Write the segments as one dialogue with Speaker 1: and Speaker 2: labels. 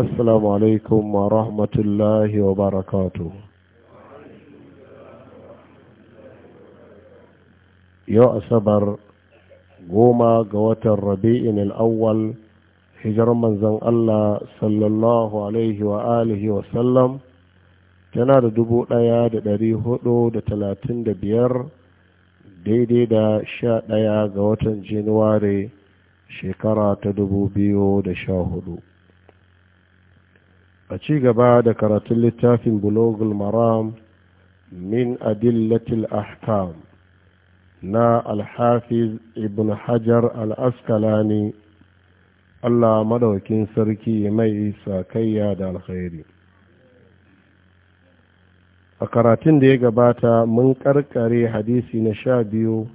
Speaker 1: السلام عليكم rahmatullahi wa barakatu. يا Asabar, goma ga watan rabi'in al'awwal hijar manzan Allah sallallahu tana da dubu ɗaya da ɗari hudu da talatin da biyar daidai da sha ɗaya ga watan januware shekara ta dubu biyu da sha hudu a ci gaba da karatun littafin bulogul maram min adillatil ahkam na alhafiz ibn hajar al'askalani allah madaukin sarki mai sakayya da alkhairi a karatun da ya gabata mun karkare hadisi na sha biyu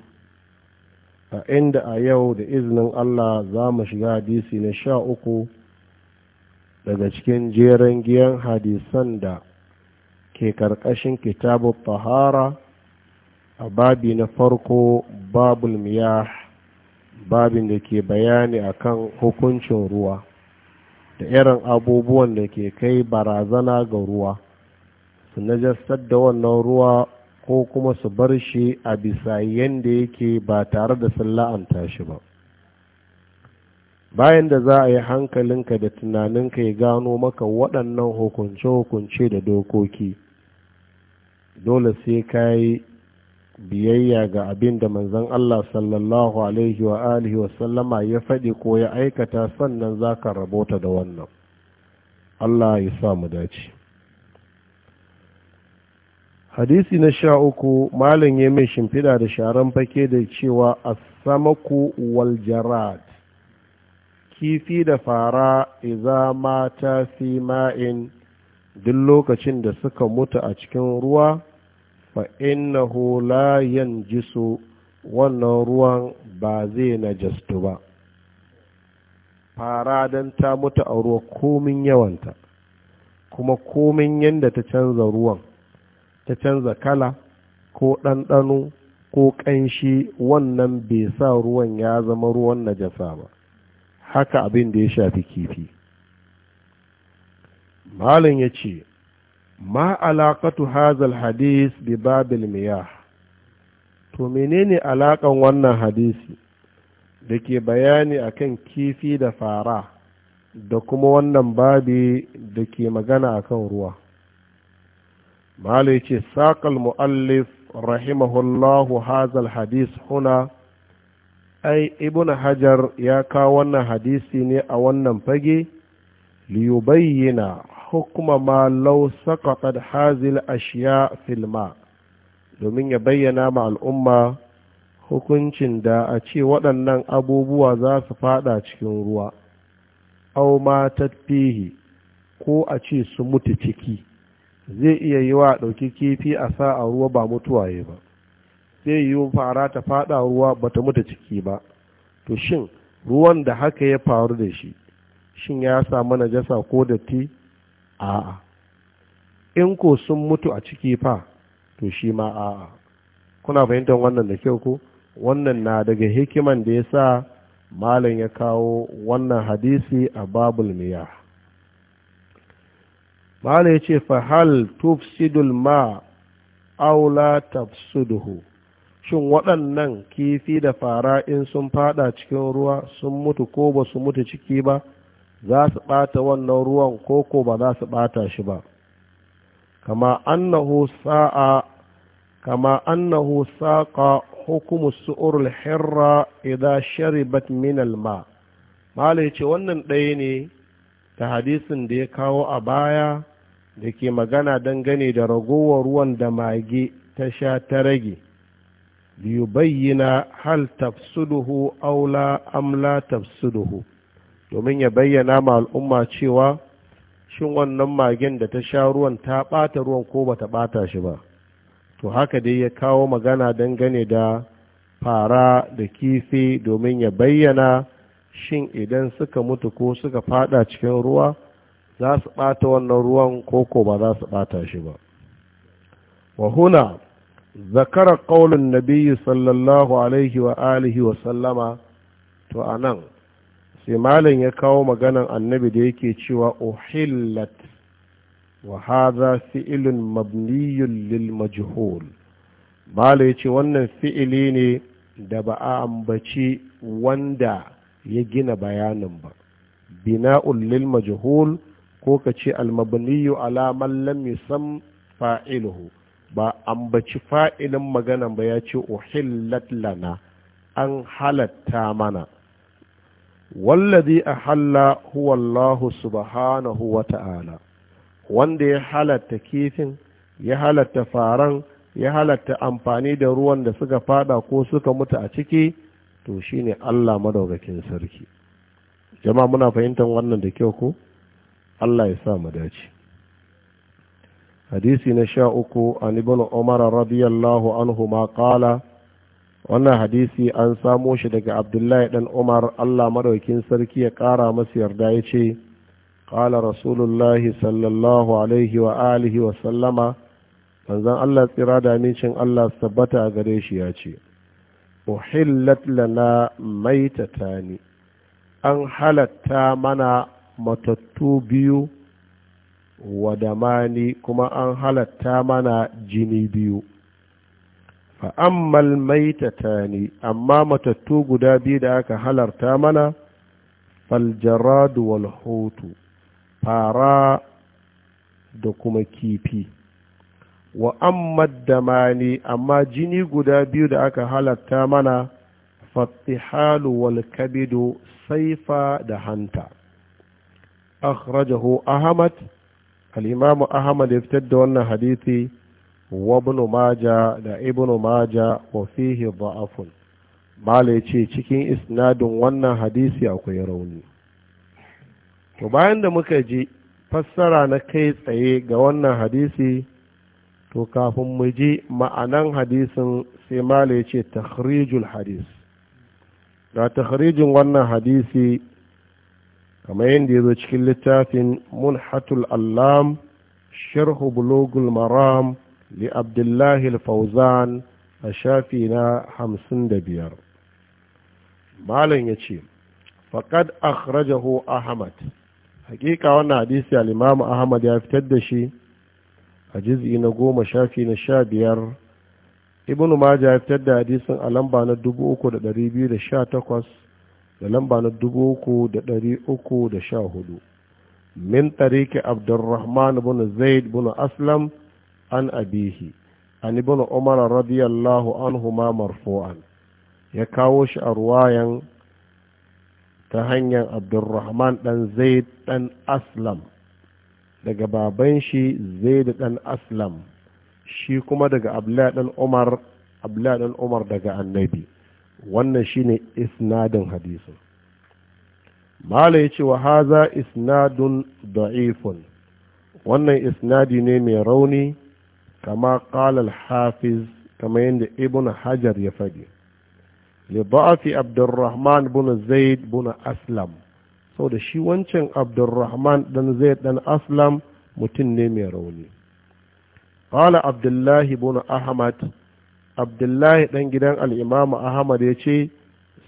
Speaker 1: a inda a yau da izinin allah za mu shiga hadisi na sha uku daga cikin jeren giyan hadisan da ke karkashin kitabu tahara a babi na farko babul miyah babin da ke bayani akan hukuncin ruwa da irin abubuwan da ke kai barazana ga ruwa su najasar da wannan ruwa ko kuma su bar shi a bisa yadda yake ba tare da sun la'anta shi ba bayan da za a yi hankalinka da tunaninka ya gano maka waɗannan hukunce-hukunce da dokoki dole sai ka yi biyayya ga abin da manzon Allah sallallahu alaihi wa alihi wa sallama ya faɗi ko ya aikata sannan za ka rabota da wannan Allah ya sa mu dace hadisi na sha uku malin ya mai shimfiɗa da sharan fake da cewa a samaku waljarat kifi da fara iza mata fi ma'in duk lokacin da suka mutu a cikin ruwa fa innahu la yanjisu wannan ruwan ba zai najastu ba fara don ta mutu a ruwa komin yawanta kuma komin yadda ta canza ruwan ta canza kala ko ɗanɗano ko ƙanshi wannan bai sa ruwan ya zama ruwan najasa ba haka abin da ya shafi kifi malam ya ce ma alaƙatu hazal hadis bi babil miyah to menene alaƙan wannan hadisi da ke bayani akan kifi da fara da kuma wannan babi da ke magana akan ruwa ya ce saƙal mu'allif rahimahullahu hazal hadis huna ai ibn hajar ya kawo wannan hadisi ne a wannan fage liyubayyana hukuma ma law saqatat hazil ashiya fil ma domin ya bayyana ma al'umma hukuncin da a ce waɗannan abubuwa za su fada cikin ruwa aw ma tatfihi ko a ce su mutu ciki zai iya yi wa ɗauki kifi a sa a ruwa ba mutuwaye ba sai yiwu fara ta fada ruwa bata mutu ciki ba to shin ruwan da haka ya faru da shi shin ya samu najasa ko datti a'a in ko sun mutu a ciki fa to shi ma a'a kuna fahimtar wannan da kyau ko wannan na daga hikiman da ya sa malam ya kawo wannan hadisi a babul miya malam ya ce fahal tufsidul ma aula tafsuduhu shin waɗannan kifi da fara in sun fada cikin ruwa sun mutu ko ba su mutu ciki ba za su ɓata wannan ruwan ko ko ba za su ɓata shi ba kama annahu sa'a kama annahu saqa hukumu al hirra idha sharibat min al-ma malai ce wannan ɗaya ne ta hadisin da ya kawo a baya da ke magana dangane da ragowar ruwan da mage ta sha ta rage liyubayyana hal tafsuduhu aula amla tafsuduhu domin ya bayyana ma al'umma cewa shin wannan magen da ta sha ruwan ta ɓata ruwan ko bata bata shi ba to haka dai ya kawo magana dangane da fara da kifi domin ya bayyana shin idan suka mutu ko suka fada cikin ruwa za su ɓata wannan ruwan ko ko ba za su ɓata shi ba wahuna zakara ƙaunin nabiyyu sallallahu alaihi wa alihi wa sallama to a nan sai malin ya kawo maganan annabi da yake cewa uhillat wa fi'ilun mabniyun lil majhul malin ya ce wannan fi'ili ne da ba a ambaci wanda ya gina bayanin ba bina'ul lil majhul ko ka ce al mabniyu ala man lam yusam fa'iluhu ba ambaci fa'ilin maganan ba ya ce uhillat lana an halatta mana wallazi ahalla huwa Allah subhanahu wa ta'ala wanda ya halatta kifin ya halatta faran ya halatta amfani da ruwan da suka fada ko suka mutu a ciki to shine Allah madaukakin sarki jama'a muna fahimtar wannan da kyau ko Allah ya sa mu dace hadisi na sha uku an ibn umar radiyallahu anhu ma qala wannan hadisi an samo shi daga abdullahi ɗan umar allah madaukin sarki ya ƙara masa yarda ya ce qala rasulullahi sallallahu alaihi wa alihi wa sallama manzon allah tsira da allah tabbata a gare shi ya ce uhillat maitata ni. an halatta mana matattu biyu wadamani kuma an halatta mana jini biyu fa'ammal maitata ne amma matattu guda biyu da aka halarta mana faljaradu wal fara da kuma kifi wa ammad damani amma jini guda biyu da aka halarta mana fattihalu wal kabido saifa da hanta akhrajahu ahmad al'imamu ahmad ya fitar da wannan hadisi wa maja da ibnu maja wa fihi da'afun mala ya ce cikin isnadin wannan hadisi akwai rauni to bayan da muka ji fassara na kai tsaye ga wannan hadisi to kafin mu ji ma'anan hadisin sai mala ya ce takhrijul hadis da takrijin wannan hadisi kamar yadda ya zo cikin littafin munhatul allam sharhu bulogul maram li abdullahi al-fauzan a shafi na hamsin da biyar malam ya ce faƙad akhrajahu ahmad haƙiƙa wannan hadisi al'imamu ahmad ya fitar da shi a jiz'i na goma shafi na sha biyar ibnu maja ya fitar da hadisin a lamba na dubu uku da ɗari biyu da sha takwas da lamba na dubu uku da ɗari uku da sha hudu min tariki abdurrahman bin zaid bin aslam an abihi an ibn umar radiyallahu anhuma marfu'an ya kawo shi a ruwayan ta hanyar abdurrahman dan zaid dan aslam daga baban shi zaid dan aslam shi kuma daga abla dan umar abla dan umar daga annabi wannan shine isnadin hadisin mala ya ce wa haza isnadun da'ifun wannan isnadi ne mai rauni kama kalal hafiz kama yadda ibn hajar ya faɗi liba'afi abdurrahman bin zaid bin aslam sau da shi wancan abdurrahman dan zaid dan aslam mutum ne mai rauni Fala Abdullahi الله Ahmad. abdullahi ɗan gidan al'imamu ahmad ya ce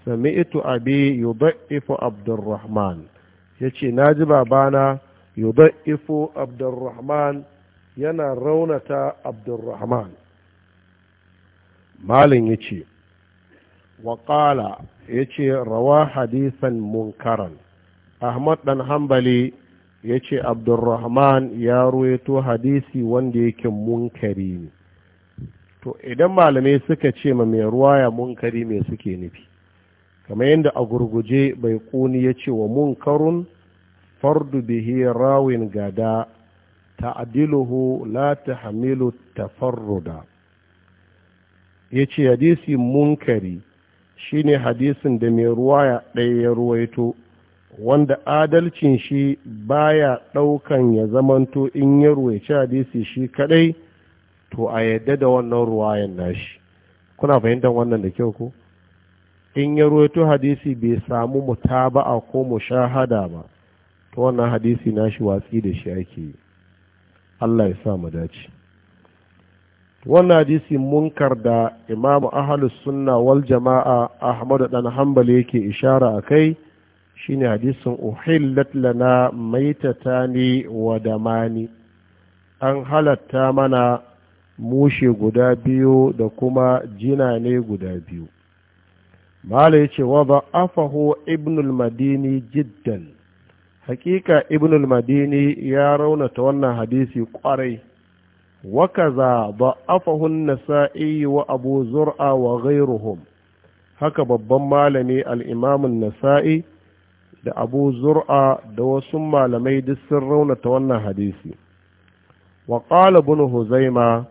Speaker 1: sami'tu abi yudaifu abdurrahman ya ce na ji babana yudaifu abdurrahman yana raunata abdurrahman malin ya ce waƙala ya ce rawa hadisan munkaran ahmad ɗan hambali ya ce abdurrahman ya ruwaito hadisi wanda yake munkari ne to idan malamai suka ce ma mai ruwaya munkari mai suke nufi kamar yadda a gurguje bai kuni ya ce wa munkarun fardu bihi rawin gada ta'adiluhu la tahmilu tafarruda ya ce hadisi munkari shine hadisin da mai ruwaya ɗaya ya ruwaito wanda adalcin shi baya ɗaukan ya zamanto in ya ruwaici hadisi shi kaɗai to a yadda da wannan ruwayan nashi kuna fahimtar wannan da kyau ko in ya ruwaito hadisi bai samu mutaba'a ko mu mushahada ba to wannan hadisi nashi watsi da shi ake yi Allah ya sa mu dace wannan hadisi munkar da imamu ahalus sunna wal jama'a ahmadu dan hanbali yake ishara a kai shine hadisin uhillat lana maitatani wa damani an halatta mana mushe guda biyu da kuma jina ne guda biyu mala ya ce wadda afahu ibnul madini jiddan hakika ibnul madini ya raunata wannan hadisi kwarai wakaza ba afahun nasa'i wa abu zur'a wa ghairuhum haka babban malami al'imamun nasa'i da abu zur'a da wasu malamai duk sun raunata wannan hadisi wa ƙala huzaima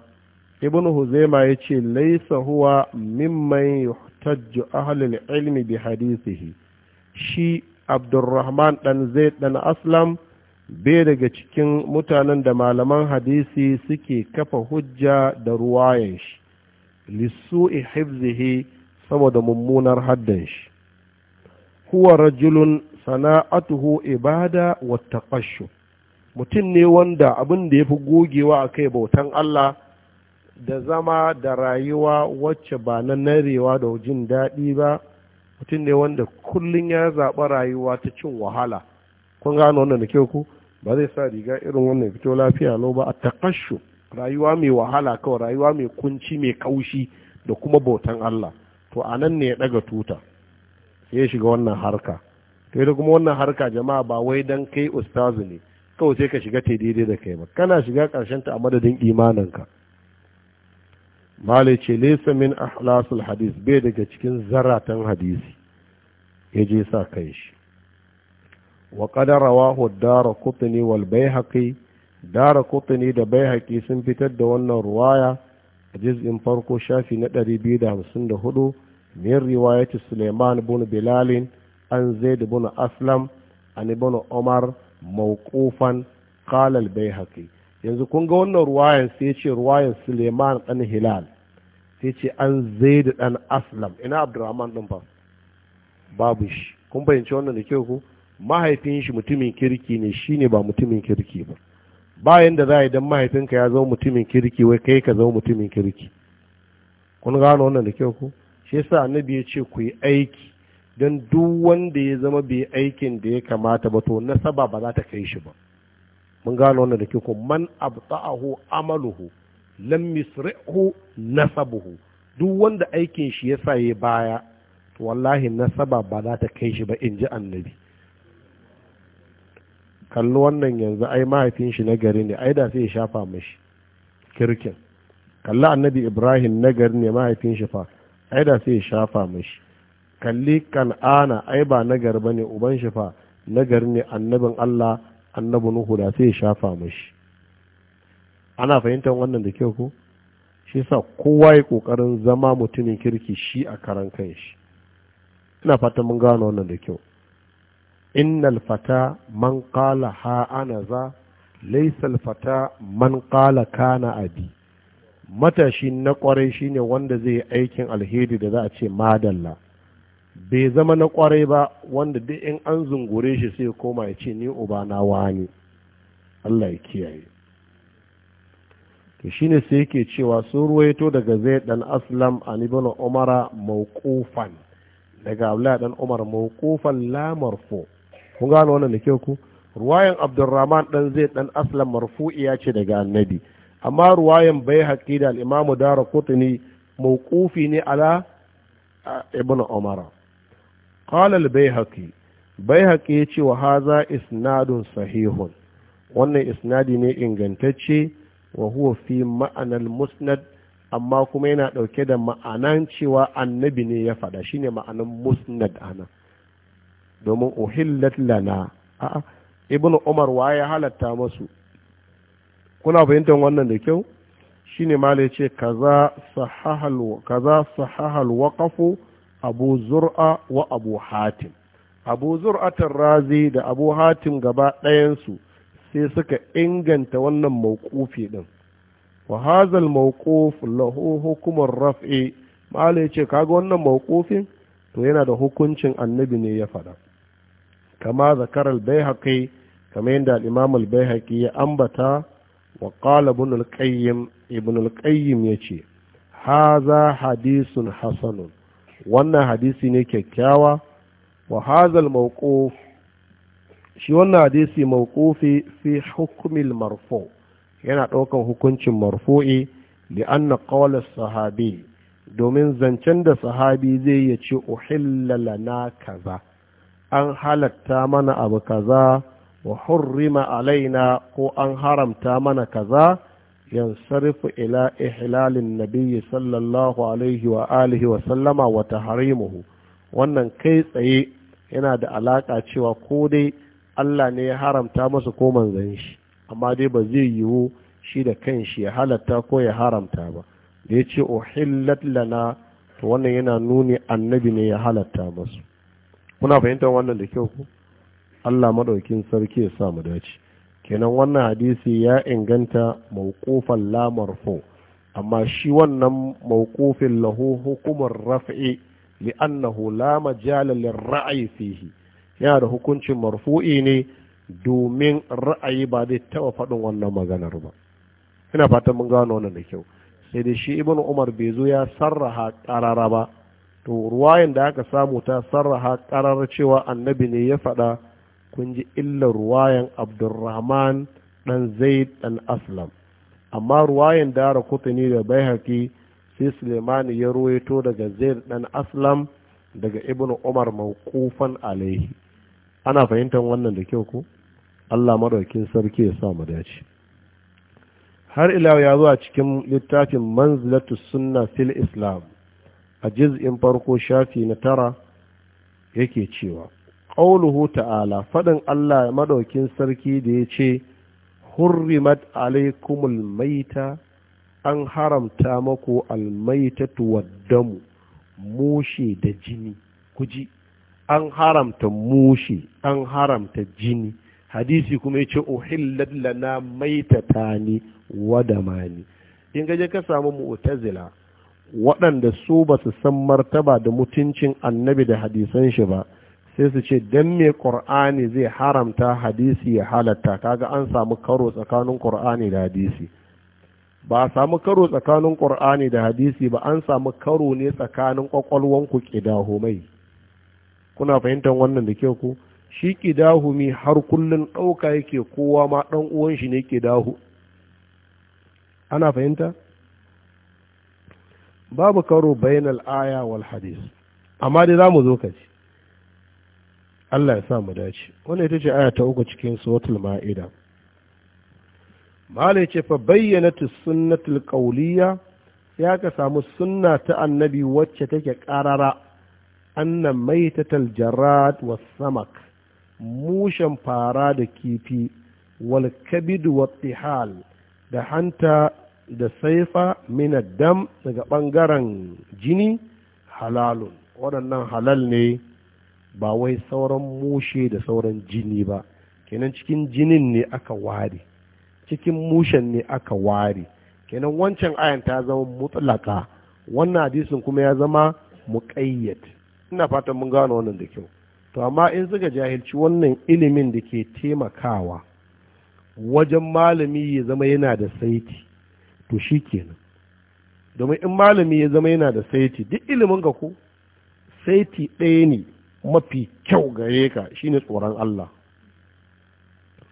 Speaker 1: ibn huzaima ya ce laisa huwa mimman yuhtajju ahlul ilmi bi hadithihi shi abdurrahman dan zaid dan aslam bai daga cikin mutanen da malaman hadisi suke kafa hujja da ruwayan shi lissu'i hifzihi saboda mummunar haddan shi huwa rajulun sana'atuhu ibada wa taqashshu mutum ne wanda abin da yafi gogewa akai bautan Allah da zama da rayuwa wacce ba na narewa da jin daɗi ba mutum ne wanda kullum ya zaɓa rayuwa ta cin wahala kun gano wannan da kyau ku ba zai sa riga irin wannan fito lafiya lau ba a takashu rayuwa mai wahala kawai rayuwa mai kunci mai kaushi da kuma bautan Allah to a nan ne ya ɗaga tuta sai ya shiga wannan harka to da kuma wannan harka jama'a ba wai dan kai ustazu ne kawai sai ka shiga ta daidai da kai ba kana shiga ƙarshen ta a madadin imaninka malai ce lesa min ahlasul hadis bai daga cikin zaratan hadisi ya je sa kai shi wa wahu dara kutni wal haƙi dara kutni da bai haƙi sun fitar da wannan ruwaya a juz'in farko shafi na 254 min riwayati Suleiman bin bilalin an da bin Aslam an ibn Umar mawqufan qala al haƙi yanzu kun ga wannan ruwayan sai ya ce ruwayan Suleiman ɗan Hilal sai ce an zai da ɗan aslam ina abdurrahman ɗin ba babu shi kun bayanci wannan da kyau ku mahaifin shi mutumin kirki ne shi ne ba mutumin kirki ba bayan da za a yi don mahaifinka ya zama mutumin kirki wai kai ka zama mutumin kirki kun gano wannan da kyau ku shi yasa annabi ya ce ku yi aiki don duk wanda ya zama bai aikin da ya kamata ba to nasaba ba za ta kai shi ba mun gano wannan da kyau ku man abta'ahu amaluhu lam misri'hu nasabuhu duk wanda aikin shi ya sa baya to wallahi nasaba ba za ta kai shi ba in ji annabi kalli wannan yanzu ai mahaifin shi na gari ne ai da sai ya shafa mashi kirkin kalli annabi ibrahim na gari ne mahaifin shi fa ai da sai ya shafa mashi kalli kan'ana ai ba na gari ne uban shi fa na gari ne annabin allah annabi nuhu da sai ya shafa mashi ana fahimtar wannan da kyau ko shi sa kowa ya kokarin zama mutumin kirki shi a karan kanshi ina fata mun gano wannan da kyau innal fata man qala ha ana za laysal fata man qala kana abi matashi na kwarai shine wanda zai aikin alheri da za a ce madalla bai zama na kwarai ba wanda duk in an zungure shi sai koma ya ce ni uba na wani Allah ya kiyaye to shine sai yake cewa sun ruwaito daga zai dan aslam a nibin umara mawqufan daga abdullahi dan umar mawqufan la marfu kun gano wannan da kyau ku ruwayan abdurrahman dan zai dan aslam marfu'iya ce daga annabi amma ruwayan baihaqi da al-imam darqutni mawqufi ne ala ibn umara qala al-baihaqi baihaqi ya ce wa haza isnadun sahihun wannan isnadi ne ingantacce wa huwa fi ma'anar musnad amma kuma yana ɗauke da ma'anan cewa annabi ne ya faɗa shine ma'anan musnad ana domin uhillat lana a'a ibnu umar wa ya halatta masu kuna fahimtar wannan da kyau shine ma ya ce kaza sahahal kaza sahahal waqafu abu zur'a wa abu hatim abu zur'atar razi da abu hatim gaba ɗayansu su sai suka inganta wannan mawqufi din wa hazal mawquf lahu hukumar raf'i malai ce kaga wannan mawqufin to yana da hukuncin annabi ne ya fada kama zakar al bayhaqi kamar yadda al-imam al bayhaqi ya ambata wa qala ibn al-qayyim ibn al-qayyim yace haza hadisun hasanun wannan hadisi ne kyakkyawa wa hazal mawquf shi wannan hadisi mawqufi fi hukmil marfu yana ɗaukan hukuncin marfu'i li anna qawla sahabi domin zancen da sahabi zai ya ce uhilla na kaza an halatta mana abu kaza wa hurrima alaina ko an haramta mana kaza yansarifu ila ihlalin nabiyyi sallallahu alaihi wa alihi wa sallama wa tahrimuhu wannan kai tsaye yana da alaka cewa ko dai Allah ne ya haramta masa ko manzan shi amma dai ba zai yiwu shi da kan shi ya halatta ko ya haramta ba da ya ce uhillat lana to wannan yana nuni annabi ne ya halatta masu kuna fahimtar wannan da kyau ku Allah madaukin sarki ya sa mu dace kenan wannan hadisi ya inganta mawqufan la marfu amma shi wannan mawqufin lahu hukumar raf'i li'annahu la majala lirra'i fihi yana da hukuncin marfu'i ne domin ra'ayi ba zai taɓa faɗin wannan maganar ba ina fatan mun gano wannan da kyau sai dai shi ibn umar bai zo ya sarraha ƙarara ba to ruwayan da aka samu ta sarraha ƙarara cewa annabi ne ya faɗa kun ji illar ruwayan abdurrahman ɗan zaid ɗan aslam amma ruwayan ra kutuni da baihaki sai sulemani ya ruwaito daga zaid ɗan aslam daga ibn umar mawqufan alaihi ana fahimtar wannan da kyau ko Allah madaukin sarki ya sa mu dace har ila ya zo a cikin littafin manzilatu sunna fil islam a juz'in farko shafi na tara yake cewa qauluhu ta'ala fadin Allah maɗaukin sarki da ya ce hurrimat alaikumul maita an haramta mako almaitatu waddamu mushe da jini kuji ji an haramta mushi an haramta jini hadisi kuma ya ce uhillad lana maitatani wadamani damani in gaje ka samu mu'tazila waɗanda su ba su san martaba da mutuncin annabi da hadisan shi ba sai su ce dan me qur'ani zai haramta hadisi ya halatta kaga an samu karo tsakanin qur'ani da hadisi ba a samu karo tsakanin qur'ani da hadisi ba an samu karo ne tsakanin ƙwaƙwalwan ku kidahumai kuna fahimtar wannan da kyau ko shi mi har kullun ɗauka yake kowa ma ɗan uwan shi ne dahu. ana fahimta babu karo bainal aya wal hadis amma dai za mu zo ka Allah ya sa mu dace wannan ita ce aya ta uku cikin suratul ma'ida malai ce fa bayyanatu sunnatul qawliya ya ka samu sunna ta annabi wacce take ƙarara annan maitatal jarad was samak mushen fara da kifi wal kabid wattihal da hanta da saifa min dam daga ɓangaren jini halalun waɗannan halal ne ba wai sauran mushe da sauran jini ba kenan cikin jinin ne aka ware cikin mushen ne aka ware kenan wancan ayan ta zama mutlaka wannan hadisin kuma ya zama muƙayyad ina fatan mun gano wannan da kyau to amma in suka jahilci wannan ilimin da ke taimakawa wajen malami ya zama yana da saiti to shi kenan domin in malami ya zama yana da saiti duk ilimin ga ko saiti ɗaya ne mafi kyau gare ka shine tsoron Allah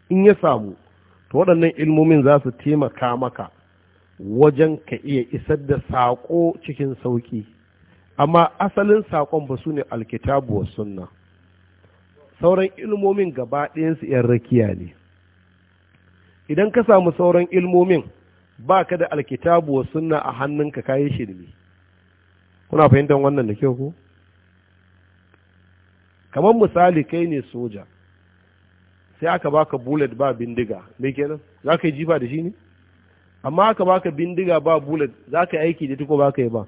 Speaker 1: in ya samu to waɗannan ilmomin za su taimaka maka wajen ka iya isar da saƙo cikin sauƙi amma asalin saƙon ba su ne alkitabu wa sunna sauran ilmomin gaba ɗayansu 'yan rakiya ne idan ka samu sauran ilmomin ba ka da alkitabu wa sunna a hannunka kayi shirme kuna fahimtar wannan da kyau ko kamar misali kai ne soja sai aka baka bullet ba bindiga me kenan za ka yi jifa da shi ne amma aka baka bindiga ba bullet za ka yi aiki da ta ko ba ka yi ba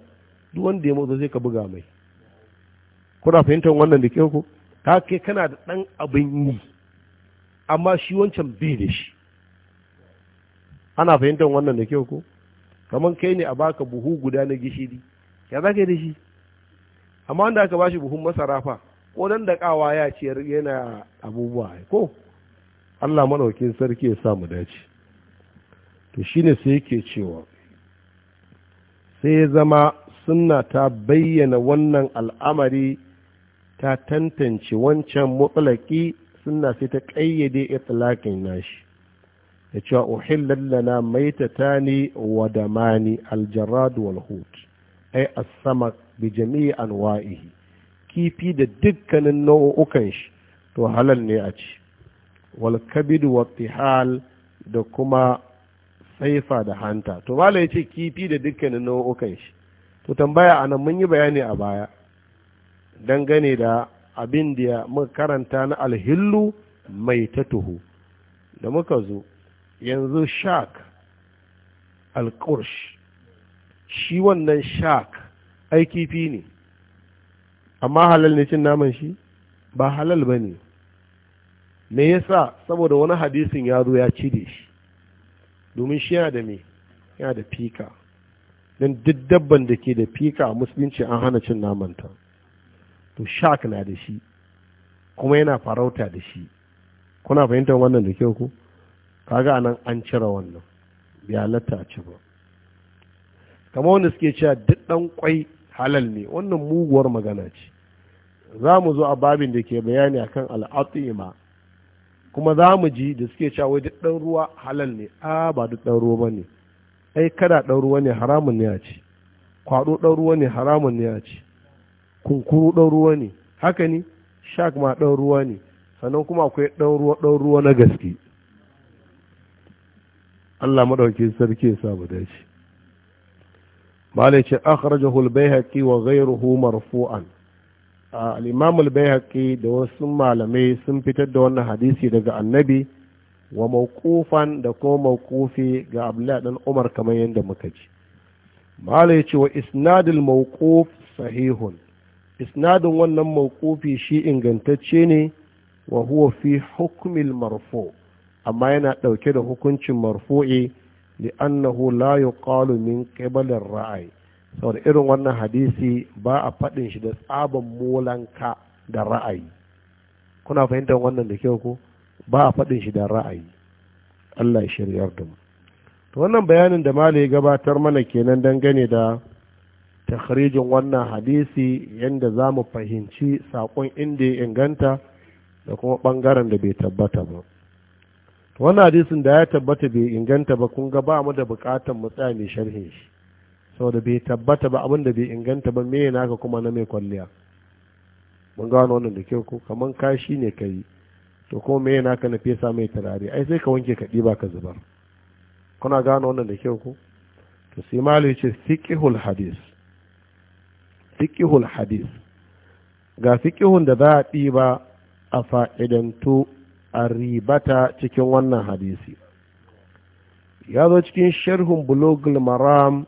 Speaker 1: duk wanda ya motsa sai ka buga mai kuna fahimtar wannan da kyau ko ka ke kana da ɗan abin yi amma shi wancan bai da shi ana fahimtar wannan da kyau ko kamar kai ne a baka buhu guda na gishiri ya za ka da shi amma wanda aka bashi buhun masara fa ko nan da kawa ya ce yana abubuwa ko Allah manaukin sarki ya samu dace to shine sai yake cewa sai ya zama sunna ta bayyana wannan al'amari ta tantance wancan mutsalaki sunna sai ta ƙayyade itilaƙin nashi da cewa uhillar lana maitata ne wa damani aljarad wal hut ai as-samak bi jami'i anwa'ihi kifi da dukkanin nau'ukan shi to halal ne a ci wal kabid wa tihal da kuma saifa da hanta to mala yace kifi da dukkanin nau'ukan shi to tambaya anan mun yi bayani a baya dangane da abin da muka karanta na alhillu mai tuhu da muka zo yanzu shak alkursh shi wannan shak aiki fi ne amma halal ne cin naman shi ba halal ba ne me yasa saboda wani hadisin ya zo ya cire shi domin shi yana da me yana da fika don duk dabban da ke da fika a musulunci an hana cin namanta to shak na da shi kuma yana farauta da shi kuna fahimtar wannan da kyau ku kaga anan an cire wannan bai halatta a ci ba kama wanda suke cewa duk dan kwai halal ne wannan muguwar magana ce za mu zo a babin da ke bayani akan al'atima kuma za mu ji da suke cewa wai duk dan ruwa halal ne a ba duk dan ruwa ba ne ai kada ɗan ruwa ne haramun ne a ci kwaɗo ɗan ruwa ne haramun ne a ci kunkuru ɗan ruwa ne haka ne shak ma ɗan ruwa ne sannan kuma akwai ɗan ruwa ɗan ruwa na gaske Allah maɗauki sarki ya sa dace malai ce akhrajahu al-baihaqi wa ghayruhu marfu'an ah, al-imam al-baihaqi da wasu malamai sun fitar da wannan hadisi daga annabi wa mawqufan da kuma mawqufi ga Abdullahi dan Umar kamar yadda muka ji mala yace wa isnadul mawquf sahihun isnadin wannan mawqufi shi ingantacce ne wa huwa fi hukmil marfu amma yana ɗauke da hukuncin marfu'i li'annahu la yuqalu min qibalir ra'ayi saboda irin wannan hadisi ba a faɗin shi da tsaban molanka da ra'ayi kuna fahimtar wannan da kyau ko ba a faɗin shi da ra'ayi Allah ya shiryar da mu to wannan bayanin da mala ya gabatar mana kenan dangane da takhrijin wannan hadisi yadda za mu fahimci saƙon inda ya inganta da kuma ɓangaren da bai tabbata ba wannan hadisin da ya tabbata bai inganta ba kun ga ba mu da buƙatar mu tsaya mai sharhin shi saboda bai tabbata ba abin da bai inganta ba me naka kuma na mai kwalliya mun gano wannan da kyau ko kaman kashi ne kai to kuma me yana ka na fesa mai turare ai sai ka wanke ka ɗiba ka zubar kuna gano wannan da kyau ko to sai malu ya ce fiqihul hadis fiqihul hadis ga fiqihun da za a ɗiba a fa'idantu a ribata cikin wannan hadisi ya zo cikin sharhun bulogul maram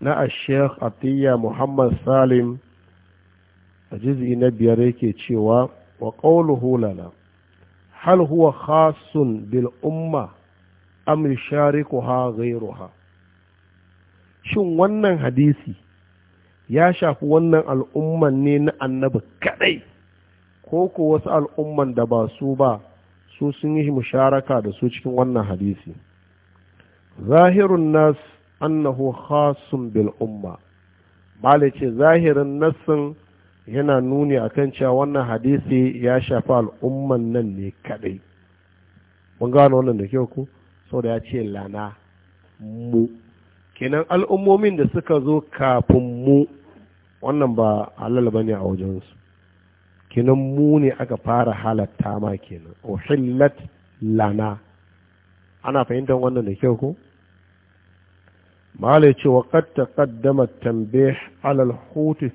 Speaker 1: na ashek atiyya muhammad salim a jizi na biyar yake cewa wa ƙaunuhu hal huwa bil umma am yusharikuha ghayruha shin wannan hadisi ya shafi wannan al'umman ne na annabi kadai ko ko wasu al'umman da ba su ba su sun yi musharaka da su cikin wannan hadisi zahirun nas annahu khasun bil umma malice zahirin nassin yana nuni a kan cewa wannan hadisi ya shafi al'umman nan ne kadai mun gano wannan da kyau ku saboda ya ce lana mu kenan al'ummomin da suka zo kafin mu wannan ba halal bane a wajensu kenan mu ne aka fara halatta ma kenan uhillat lana ana fahimtar wannan da kyau ku. malai ce wa qad taqaddama tanbih ala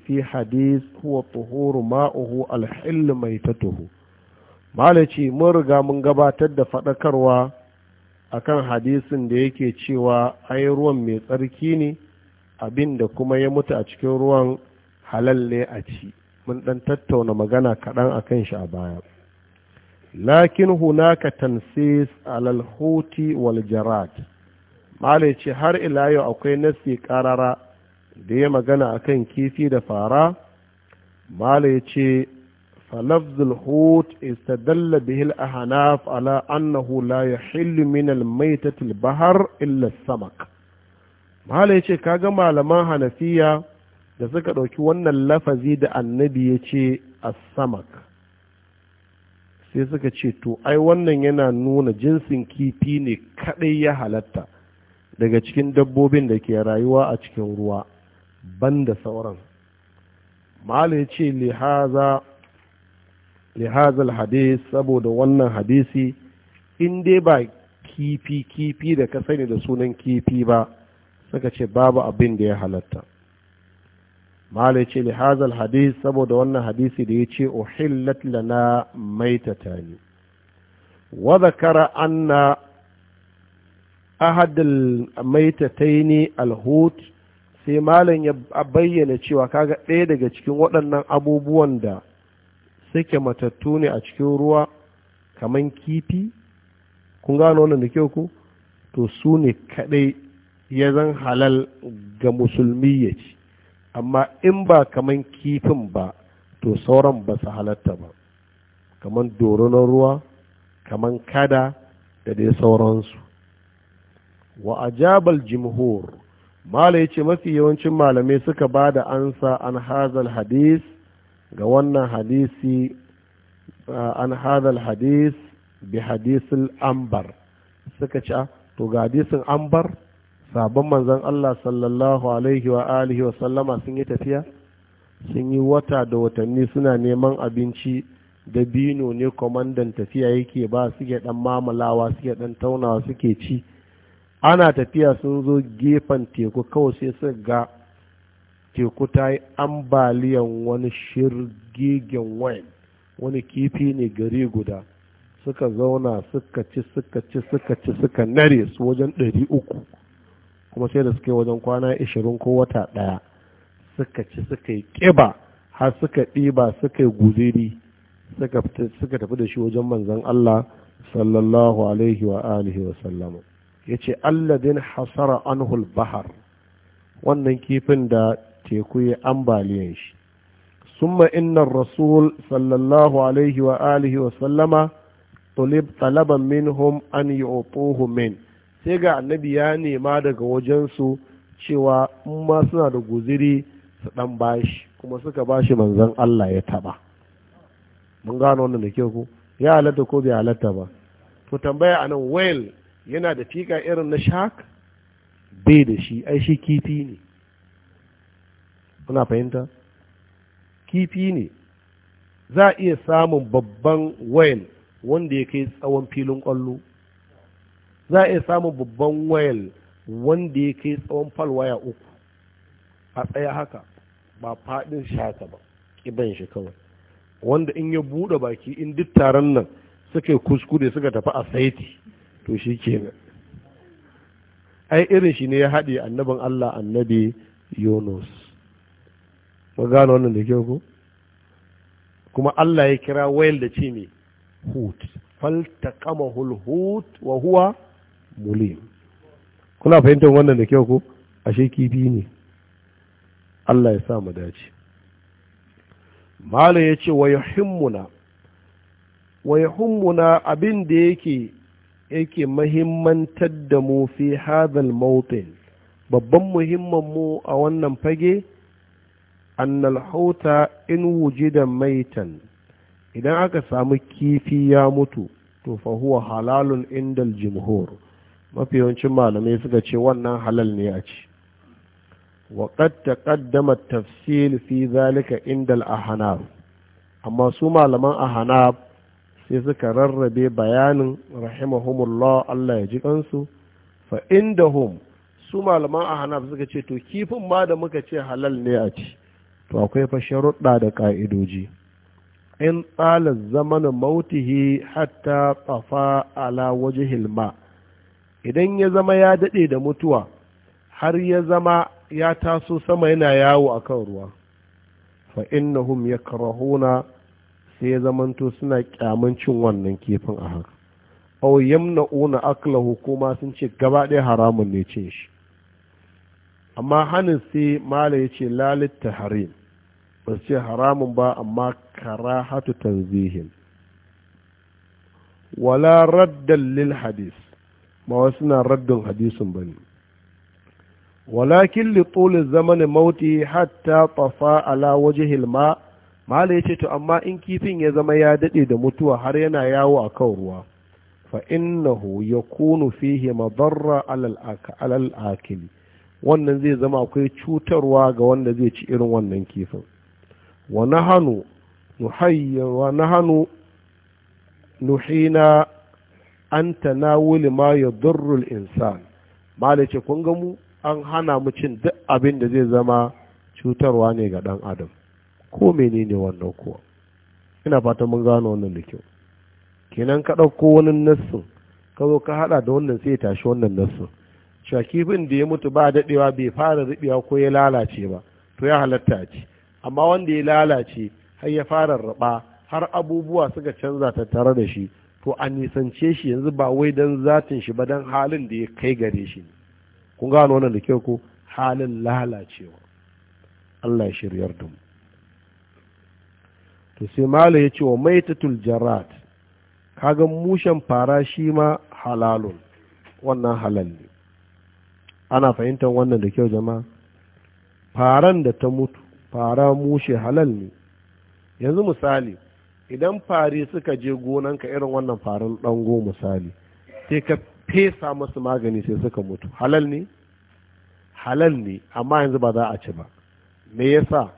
Speaker 1: fi hadith huwa tuhuru ma'uhu al-hill maitatuhu malai ce mun riga mun gabatar da faɗakarwa akan hadisin da yake cewa ai ruwan mai tsarki ne abinda kuma ya mutu a cikin ruwan halal ne a ci mun ɗan tattauna magana kaɗan akan shi a baya lakin hunaka tansis alal huti wal jarat malai ce har ila yau akwai nassi karara da ya magana akan kifi da fara malai ce فلفظ bihil bihil a hanaf على أنه لا يحل من الميتة البحر إلا illa samak ya ce kaga malaman hanafiya da suka ɗauki wannan lafazi da annabi ya ce a samak sai suka ce to ai wannan yana nuna jinsin kifi ne kaɗai ya halatta daga cikin dabbobin da ke rayuwa a cikin ruwa banda sauran malu ya ce lihazal hadis saboda wannan hadisi in dai ba kifi kifi da ka sani da sunan kifi ba suka ce babu abin da ya halatta malu ya ce lihazal hadis saboda wannan hadisi da ya ce uhillat lana ne wa zakara anna أحد الميتتين الهوت sai malam ya bayyana cewa kaga ɗaya daga cikin waɗannan abubuwan da suke matattu ne a cikin ruwa kaman kifi kun gano wannan da kyau ku to su ne kaɗai ya zan halal ga musulmi ya ci amma in ba kaman kifin ba to sauran ba su halatta ba kaman doronon ruwa kaman kada da dai sauransu wa ajabal jimhur mala ya mafi yawancin malamai suka ba da ansa an hazal hadis ga wannan hadisi uh, an hazal hadis bi hadisul ambar suka ci ah, to ga hadisin ambar sabon manzon Allah sallallahu alaihi wa alihi wa sallama sun yi tafiya sun yi wata da watanni suna neman abinci da bino ne kwamandan tafiya yake ba suke dan mamalawa suke dan taunawa suke ci ana tafiya sun zo gefen teku kawai sai su ga teku ta yi ambaliyan wani shirgegen wine wani kifi ne gari guda suka zauna suka ci suka ci suka ci suka nare su wajen ɗari uku kuma sai da suke wajen kwana ishirin ko wata ɗaya suka ci suka yi ƙiba har suka ɗiba suka yi guziri suka tafi da shi wajen manzan Allah sallallahu alaihi wa alihi wa sallama ya ce alladin hasara anhul bahar wannan kifin da teku ya ambaliyan shi summa innar rasul sallallahu alaihi wa alihi wa sallama tulib talaban minhum an yu'tuhu min sai ga annabi ya nema daga wajensu cewa in ma suna da guziri su dan bashi kuma suka bashi manzon Allah ya taba mun gano wannan da kyau ku ya halatta ko bai halatta ba to tambaya anan wail yana da fiƙa irin na shak bai da shi ai shi kifi ne kuna fahimta kifi ne za a iya samun babban wayan wanda ya kai tsawon filin kwallo za a iya samun babban wayan wanda ya kai tsawon falwaya uku a tsaya haka ba faɗin shaka ba kiban shi kawai wanda in ya buɗe baki in duk taron nan suka yi kuskure suka tafi a saiti to shi kenan ai irin shi ne ya haɗe annabin Allah annabi Yunus mu gano wannan da kyau ko kuma Allah ya kira wayal da ce ne hut faltaqamahul hut wa huwa mulim kuna fahimtar wannan da kyau ko ashe kifi ne Allah ya sa mu dace Malam ya ce wa yuhimmuna wa yuhimmuna abin da yake yake mahimmantar da mu fi hadal mautin babban muhimman mu a wannan fage annal hauta in wujida maitan idan aka samu kifi ya mutu to fa huwa halalun indal jumhur mafi yawancin malamai suka ce wannan halal ne a ci وقد تقدم tafsil fi zalika عند الأحناف amma su malaman أحناف sai suka rarrabe bayanin rahimahumullah Allah ya ji kansu fa indahum su malaman a hanaf suka ce to kifin ma da muka ce halal ne a ci to akwai fa sharuɗa da ƙa'idoji in tsala zamanin mautihi hatta tsafa ala waje hilma. idan ya zama ya daɗe da mutuwa har ya zama ya taso sama yana yawo akan ruwa fa innahum yakrahuna sai ya zamanto suna kyaman cin wannan kifin a haka aw una aklahu kuma sun ce gaba ɗaya haramun ne cin shi amma hanin sai mala ya ce lalit taharim ba ce haramun ba amma karahatu tanzihin wala raddan lil hadis ma wasu na raddin hadisin ba ne walakin li tsoli zamanin mauti hatta tafa ala wajihil ma' mahala ya ce to amma in kifin ya zama ya daɗe da mutuwa har yana yawo a kan ruwa fa innahu ya kunu fihe madarra alal akili wannan zai zama akwai cutarwa ga wanda zai ci irin wannan kifin wa hannu nuhayya wa nuhina an wuli ma ya durrul insan mahala ce kun gamu an hana mu cin duk abin da zai zama cutarwa ne ga ɗan adam ko menene wannan kuwa ina fata mun gano wannan da kyau kenan ka ɗauko wani nassu ka zo ka haɗa da wannan sai ya tashi wannan cewa kifin da ya mutu ba daɗewa bai fara riɓewa ko ya lalace ba to ya halatta ci amma wanda ya lalace har ya fara raɓa har abubuwa suka canza ta tare da shi to a nisance shi yanzu ba wai don zatin shi ba don halin da ya kai gare shi ne kun gano wannan da kyau ko halin lalacewa Allah ya shiryar da mu to sai malo ya ce wa maitatul jarat kaga mushen fara shi ma halalun wannan halal ne ana fahimtar wannan da kyau jama faran da ta mutu fara mushe halal ne yanzu misali idan fari suka je gonanka irin wannan farin dango misali sai ka fesa masu magani sai suka mutu halal ne halal ne amma yanzu ba za a ci ba me yasa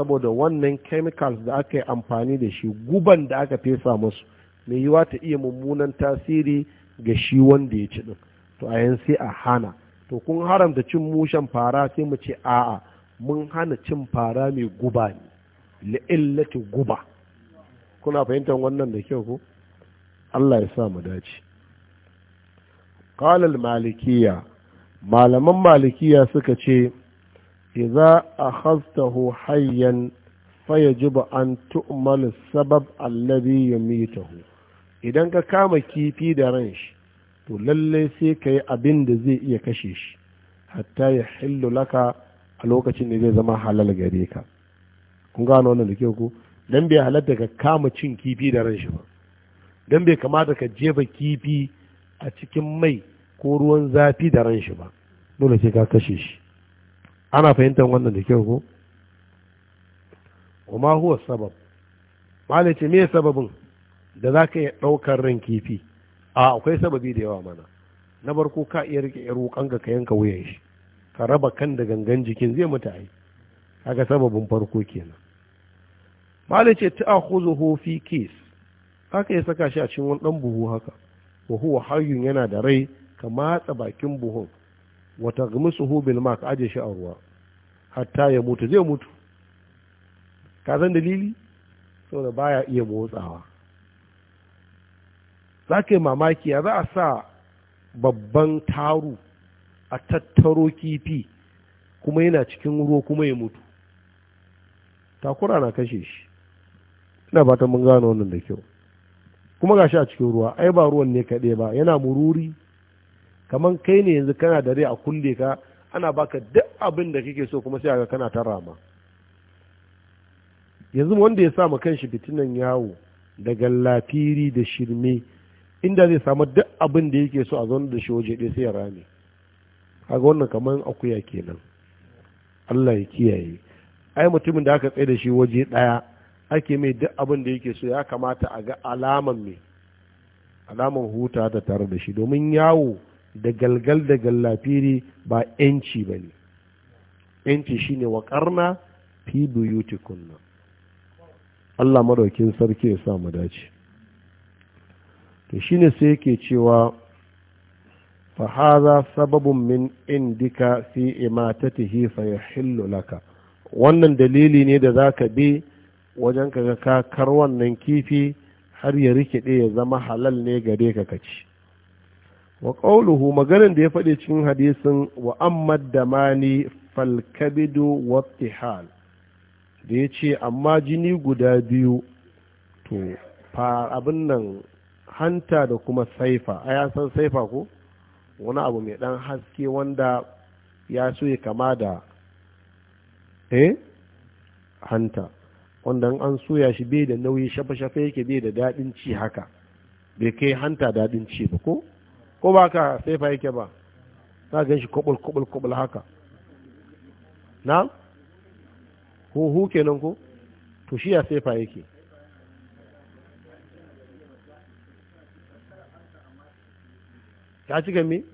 Speaker 1: saboda wannan chemicals da aka yi amfani da shi guban da aka fesa musu mai yiwa ta iya mummunan tasiri ga shi wanda ya ci din to a yan sai a hana to kun haramta cin mushen fara sai mu ce a'a mun hana cin fara mai guba ne la'illati guba kuna fahimtar wannan da kyau ko Allah ya sa mu dace qala al-malikiyya malaman malikiya suka ce idza akhadtahu hayyan fayajibu an tu'malu sabab alladhi yumituhu idan ka kama kifi da ranshi to lallai sai ka yi abin da zai iya kashe shi hatta ya hillu laka a lokacin da zai zama halal gare ka kun gano wannan da kyau ko dan bai halatta ka kama cin kifi da ranshi ba dan bai kamata ka jefa kifi a cikin mai ko ruwan zafi da ranshi ba dole sai ka kashe shi ana fahimtar wannan da kyau ko kuma huwa sabab malice me sababin da za ka iya ɗaukar ran kifi a akwai sababi da yawa mana na barko ka iya rike yar wukan ka ka yanka wuyan shi ka raba kan da gangan jikin zai mutu ai kaga sababin farko kenan malice ta'khuzuhu fi kis haka ya saka shi a cikin wani dan buhu haka wa huwa hayyun yana da rai ka matsa bakin buhun wata gumisuhu bil ma ka aje shi a ruwa hatta ya mutu zai mutu ka san dalili saboda baya iya motsawa za yi mamaki ya za a sa babban taru a tattaro kifi kuma yana cikin ruwa kuma ya mutu takura na kashe shi ina ba mun gano wannan da kyau kuma gashi a cikin ruwa ai ba ruwan ne kaɗai ba yana mururi kamar kai ne yanzu kana da rai a kulle ka ana baka duk abin da kake so kuma sai ga kana ta rama yanzu wanda ya samu kanshi fitinan yawo daga lafiri da shirme inda zai samu duk abin da yake so a zaune da shi waje sai ya rame kaga wannan kamar akuya kenan Allah ya kiyaye ai mutumin da aka tsaye da shi waje ɗaya ake mai duk abin da yake so ya kamata a ga alaman mai alaman huta da tare da shi domin yawo da galgal da gallafiri ba yanci ba ne yanci shi ne wa ƙarna fi kunna Allah maraukin sarki ya sa mu dace to shi ne sai yake cewa fahaza sababin min indika fi imatatihi ya yahillu laka wannan dalili ne da za ka bi wajen kaga ka kar wannan kifi har ya rikide ya zama halal ne gare ka kaci wa ƙauluhu maganin da ya faɗi cikin hadisin wa ammad da mani falkabido wattihal da ya ce amma jini guda biyu to abin nan hanta da kuma saifa a ya san saifa ko wani abu mai ɗan haske wanda ya so ya kama da eh hanta wanda an soya shi bai da nauyi shafe-shafe yake bai da daɗin ci haka bai kai hanta daɗin ci ba ko ko ba ka sai fa yake ba za gan shi kubul kubul kubul haka na huhu kenan ko to shi ya sai fa yake ta ci gami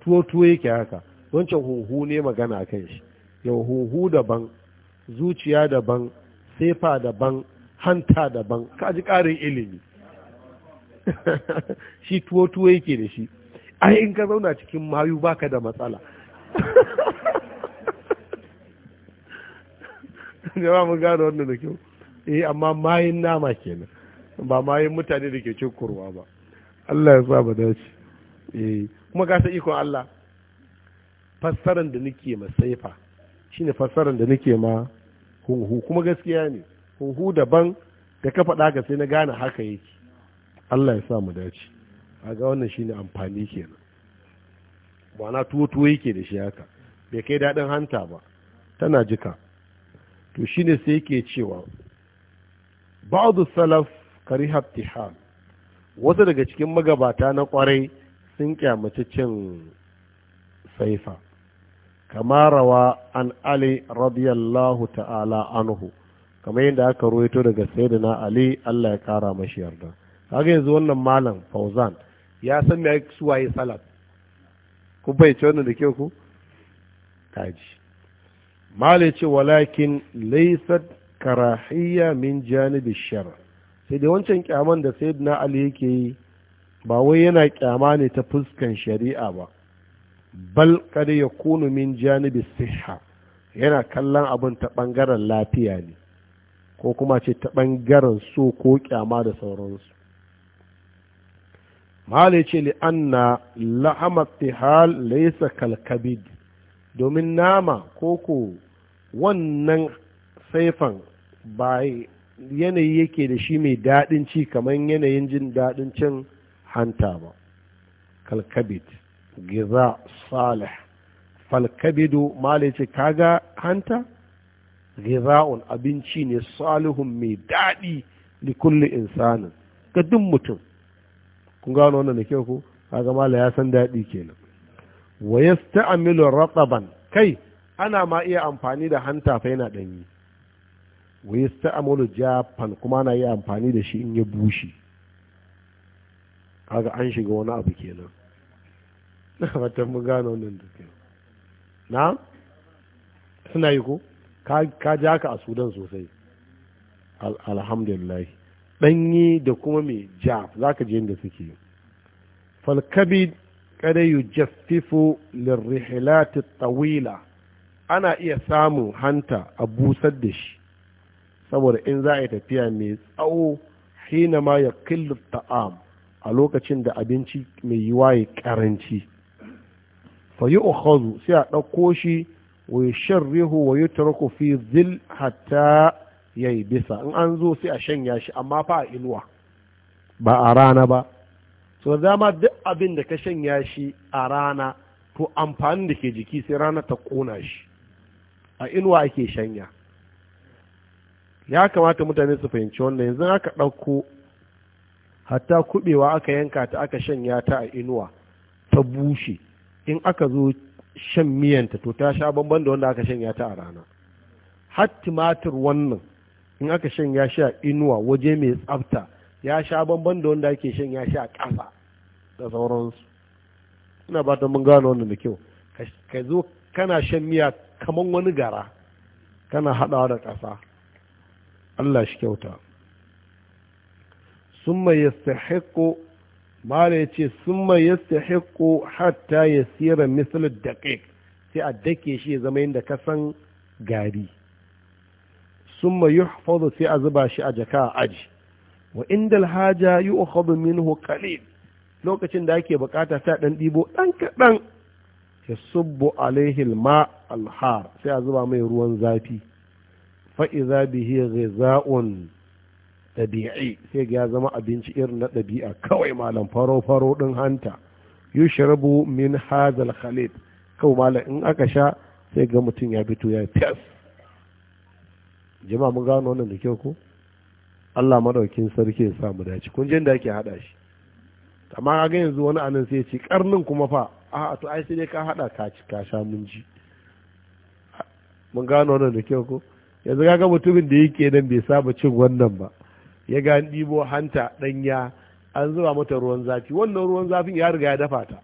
Speaker 1: tuwo tuwo yake haka wancan huhu ne magana a kan shi yau huhu daban zuciya daban sefa daban hanta daban ka ji ƙarin ilimi shi tuwo tuwo yake da shi ai in ka zauna cikin mayu baka da matsala ba mun gano wannan da kyau eh amma mayin nama kenan ba mayin mutane da ke cin kurwa ba Allah ya sa ba dace eh kuma ka san ikon Allah fassaran da nake ma saifa shine fassaran da nake ma hunhu kuma gaskiya ne hunhu daban da ka faɗa ga sai na gane haka yake Allah ya sa mu dace a ga wannan shine amfani kenan ba na tuwo tuwo yake da shi haka bai kai daɗin hanta ba tana jika to shine sai yake cewa ba'adu salaf kariha tihal wasu daga cikin magabata na ƙwarai sun kyamaci cin saifa kamarawa an ali radiyallahu ta'ala anhu kamar yadda aka ruwaito daga sayyidina ali Allah ya kara mashi yarda haka yanzu wannan malam fauzan ya san me yi salat ku bai ce wannan da ke ku taji malai ce walakin laysat karahiyya min janibi shar sai da wancan kyaman da na ali yake yi ba wai yana kyama ne ta fuskan shari'a ba bal kada ya kunu min janibi siha yana kallon abin ta bangaren lafiya ne ko kuma ce ta bangaren so ko kyama da sauransu mahala ya ce li'anna la'amar tihal laisa kalkabid domin nama koko wannan saifan ba yanayi yake da shi mai daɗin ci kamar yanayin jin daɗin cin hanta ba kalkabid giza salih falkabido mala ce kaga hanta giza'un abinci ne salihun mai daɗi likulli insanin ga duk mutum kun gano wannan da kyau ko kaga mala ya san daɗi kenan wa yasta'milu rataban kai ana ma iya amfani da hanta fa yana danyi wa yasta'milu jafan kuma ana iya amfani da shi in ya bushe kaga an shiga wani abu kenan na fatan mun gano wannan da kyau na suna yi ko ka ja ka a sudan sosai alhamdulillah ɗanyi da kuma mai ja za ka ji yadda suke falkabid kada yu jaffifu lirrihilati tawila ana iya samun hanta a busar da shi saboda in za a yi tafiya mai tsawo hina ma ya killu ta'am a lokacin da abinci mai yiwa ya karanci fa yi sai a ɗauko shi wa yi sharrihu wa yi fi zil hatta ya yi bisa in an zo sai a shanya shi amma fa a inuwa ba a rana ba so dama duk abin da ka shanya shi a rana to amfani da ke jiki sai rana ta kona shi a inuwa ake shanya ya kamata mutane su fahimci wannan yanzu aka ɗauko hatta kuɓewa aka yanka ta aka shanya ta a inuwa ta bushe in aka zo shan miyanta to ta sha bamban da wanda aka shanya ta a rana har timatir wannan in aka shan ya a inuwa waje mai tsafta ya sha bamban da wanda ake shan shi a ƙasa da sauransu ina ba ta mun gano wannan da kyau ka zo kana shan miya kamar wani gara kana haɗawa da ƙasa Allah shi kyauta summa yastahiqu mala yace summa yastahiqu hatta yasira misal daqiq sai a dake shi ya zama yadda ka san gari summa yuhfadu sai a zuba shi a jaka a aji wa inda alhaja yu'khadhu minhu qalil lokacin da ake bukata ta dan dibo dan kadan yasubbu alaihi alma alhar sai a zuba mai ruwan zafi fa iza bihi ghiza'un tabi'i sai ga zama abinci irin na dabi'a kawai malam faro faro din hanta yushrabu min hadha alkhalid kawai malam in aka sha sai ga mutum ya fito ya fes jima mun gano wannan da kyau ko Allah madaukin sarki ya sa mu dace kun je da ake hada shi amma ga yanzu wani anan sai ya ce karnin kuma fa a to ai sai dai ka hada ka ci ka sha mun ji mun gano wannan da kyau ko yanzu ga mutumin da yake nan bai saba cin wannan ba ya ga an ɗibo hanta ɗanya an zuba mata ruwan zafi wannan ruwan zafin ya riga ya dafa ta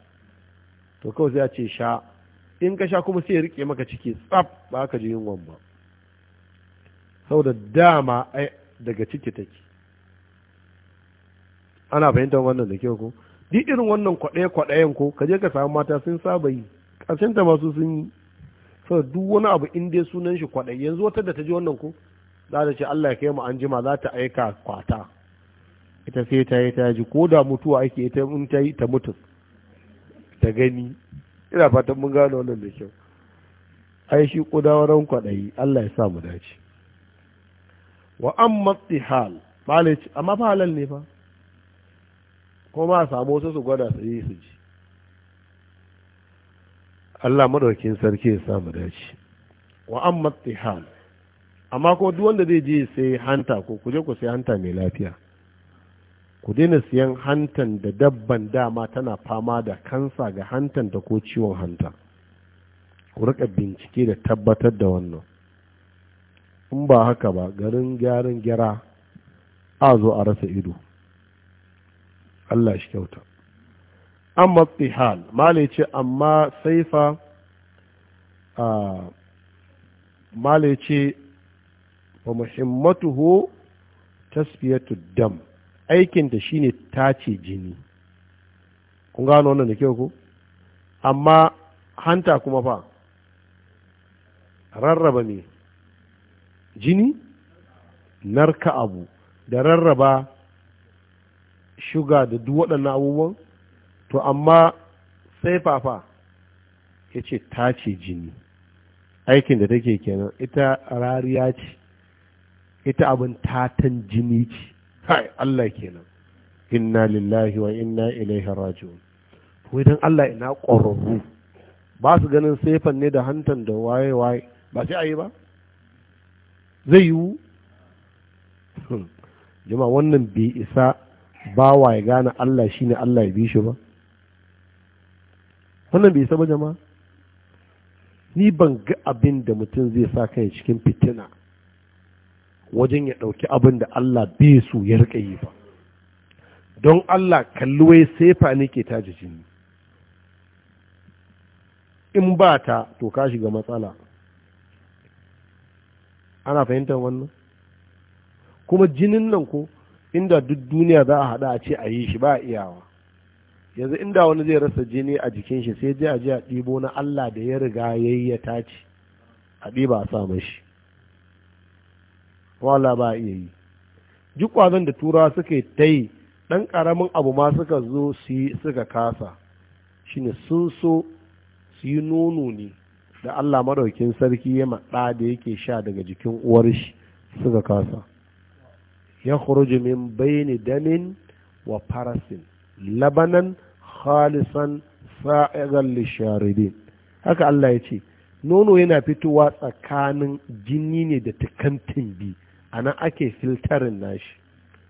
Speaker 1: to kawai sai ya ce sha in ka sha kuma sai ya rike maka ciki tsaf ba ka ji yunwan ba saboda dama ai daga ciki take ana fahimtar wannan da kyau ko duk irin wannan kwaɗaye-kwaɗayen ko ka je ka samu mata sun saba yi ƙarshenta masu sun yi sau duk wani abu in dai sunan shi kwaɗayi yanzu wata da ta ji wannan ko za ta ce Allah ya kai mu an jima za ta aika kwata ita sai ta yi ta ji ko da mutuwa ake ita in ta yi ta mutu ta gani ina fatan mun gane wannan da kyau ai shi kudawaran kwaɗayi Allah ya sa mu dace wa amma tihal ci amma fa halal ne fa kuma a samu wasu su gwada su yi su ji Allah madaukin sarki ya samu dace wa amma tihal amma ko duk wanda zai je sai hanta ko ku je ku sai hanta mai lafiya ku daina siyan hantan da dabban dama tana fama da kansa ga da ko ciwon hanta ku rika bincike da tabbatar da wannan in ba haka ba garin gyaran gyara a zo a rasa ido Allah shi kyauta amma tihal male ce amma saifa a male ce wa muhimmatuhu tasfiyatu dam aikin da shine tace jini kun gano wannan da kyau ko amma hanta kuma fa rarraba ne jini narka abu da rarraba shuga da duk waɗannan abubuwan to amma sai fafa ya ce tace jini aikin da take kenan ita rariya ce ita abin tatan jini ce hai Allah kenan inna lillahi wa inna ilaihi raji'un to idan Allah ina ƙwararru ba su ganin sefan ne da hantan da waye waye ba sai a yi ba zai yiwu jama wannan bai isa bawa ya gane Allah shi ne Allah ya bi shi ba wannan bai isa ba jama ni ban ga abin da mutum zai sa kai cikin fitina wajen ya ɗauki abin da Allah bai su ya rika yi ba don Allah kalluwai fa ne ke taji jini in ba ta to ka shiga matsala ana fahimtar wannan kuma jinin nan ko inda duk duniya za a haɗa a ce a yi shi ba a iyawa yanzu inda wani zai rasa jini a jikin shi sai je a je a ɗibo na Allah da ya riga yayi ya tace a ɗiba a sa mashi wala ba iya yi duk ƙwazon da tura suka ta yi ɗan ƙaramin abu ma suka zo su suka kasa shine sun so su yi nono ne da Allah maɗaukin sarki ya maɗa da yake sha daga jikin uwar shi suka kasa ya khuruju min bayni damin wa farasin labanan khalisan sa'igan lisharidin haka Allah ya ce nono yana fitowa tsakanin jini ne da tukantin bi a nan ake filtarin nashi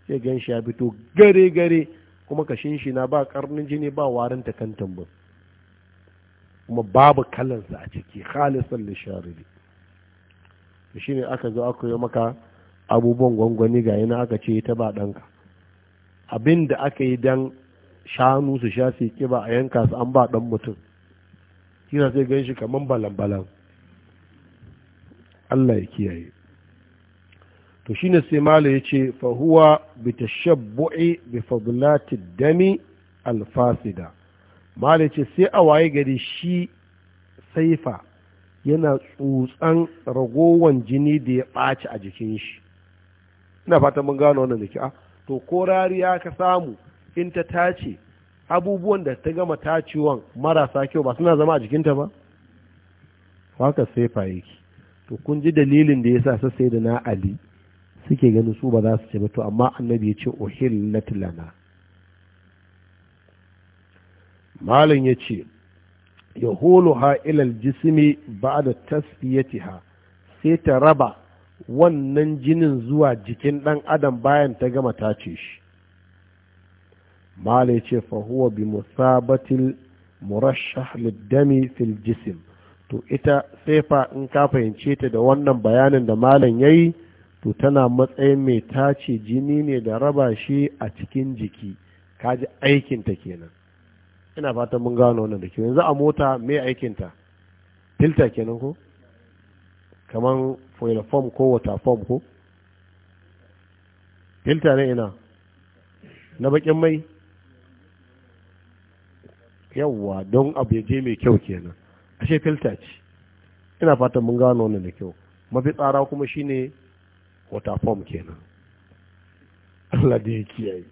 Speaker 1: sai gan ya fito gare gare kuma kashin shi na ba karnin jini ba warin tukantin bin kuma babu kalansa a ciki khalisan lishariri shi ne aka zo aka yi maka abubuwan gwangwani ga yana aka ce ta ba ɗanka abin da aka yi dan shanu su sha su kiba a yanka su an ba ɗan mutum kira sai gan shi kamar balan-balan Allah ya kiyaye to shine sai mala ya ce fahuwa bi tashabbu'i bi fadlati dami alfasida mala ce sai a waye gari shi saifa yana tsutsan ragowan jini da ya ɓaci a jikin shi ina fata mun gano wannan da ke a ah, to ko rariya ka samu in ta tace abubuwan da ta gama tacewan marasa kyau ba suna zama a jikinta ba haka saifa yake to kun ji dalilin da ya sa sassai da na ali suke ganin su ba za su ce ba to amma annabi ya ce uhillat lana malam ya ce yahuluha ilal jismi ba'da tasfiyatiha sai ta raba wannan jinin zuwa jikin ɗan adam bayan ta gama tace shi malam ya ce fahuwa bi musabatil murashah liddami fil jisim to ita sai fa in ka fahimce ta da wannan bayanin da malam ya yi to tana matsayin mai tace jini ne da raba shi a cikin jiki kaji aikinta kenan ina fatan mun gano wannan da ke yanzu a mota me aikinta filta kenan ko kaman foil form ko water form ko filta ne ina na bakin mai yawwa don abu ya je mai kyau kenan ashe filta ce ina fatan mun gano wannan da kyau mafi tsara kuma shine water form kenan Allah da ya kiyaye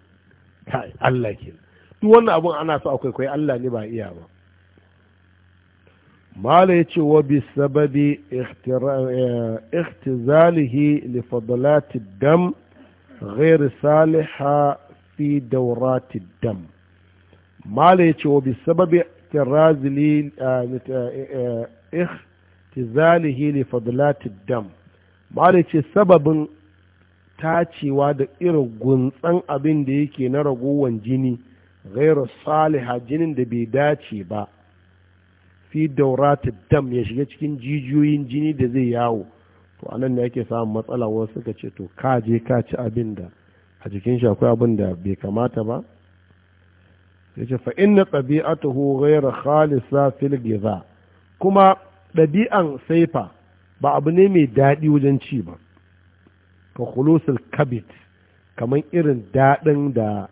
Speaker 1: kai Allah kenan duk wannan abin ana so akwai kwai Allah ne ba iya ba mala ya ce wa bi sababi ikhtizalihi eh, li fadlati dam ghair saliha fi dawrati dam mala ya ce wa bi sababi ikhtizalihi eh, eh, ikhtizalihi li fadlati dam mala ce sababin tacewa da irin gunsan abin da yake na ragowar jini ghairu saliha jinin da bai dace ba fi daurata dam ya shiga cikin jijiyoyin jini da zai yawo to anan ne yake samun matsala wasu suka ce to ka je ka ci abin da a jikin shi akwai abin da bai kamata ba ya ce fa inna tabi'atuhu ghairu khalisa fil giza kuma ɗabi'an saifa ba abu ne mai daɗi wajen ci ba ka khulusul kabit kamar irin daɗin da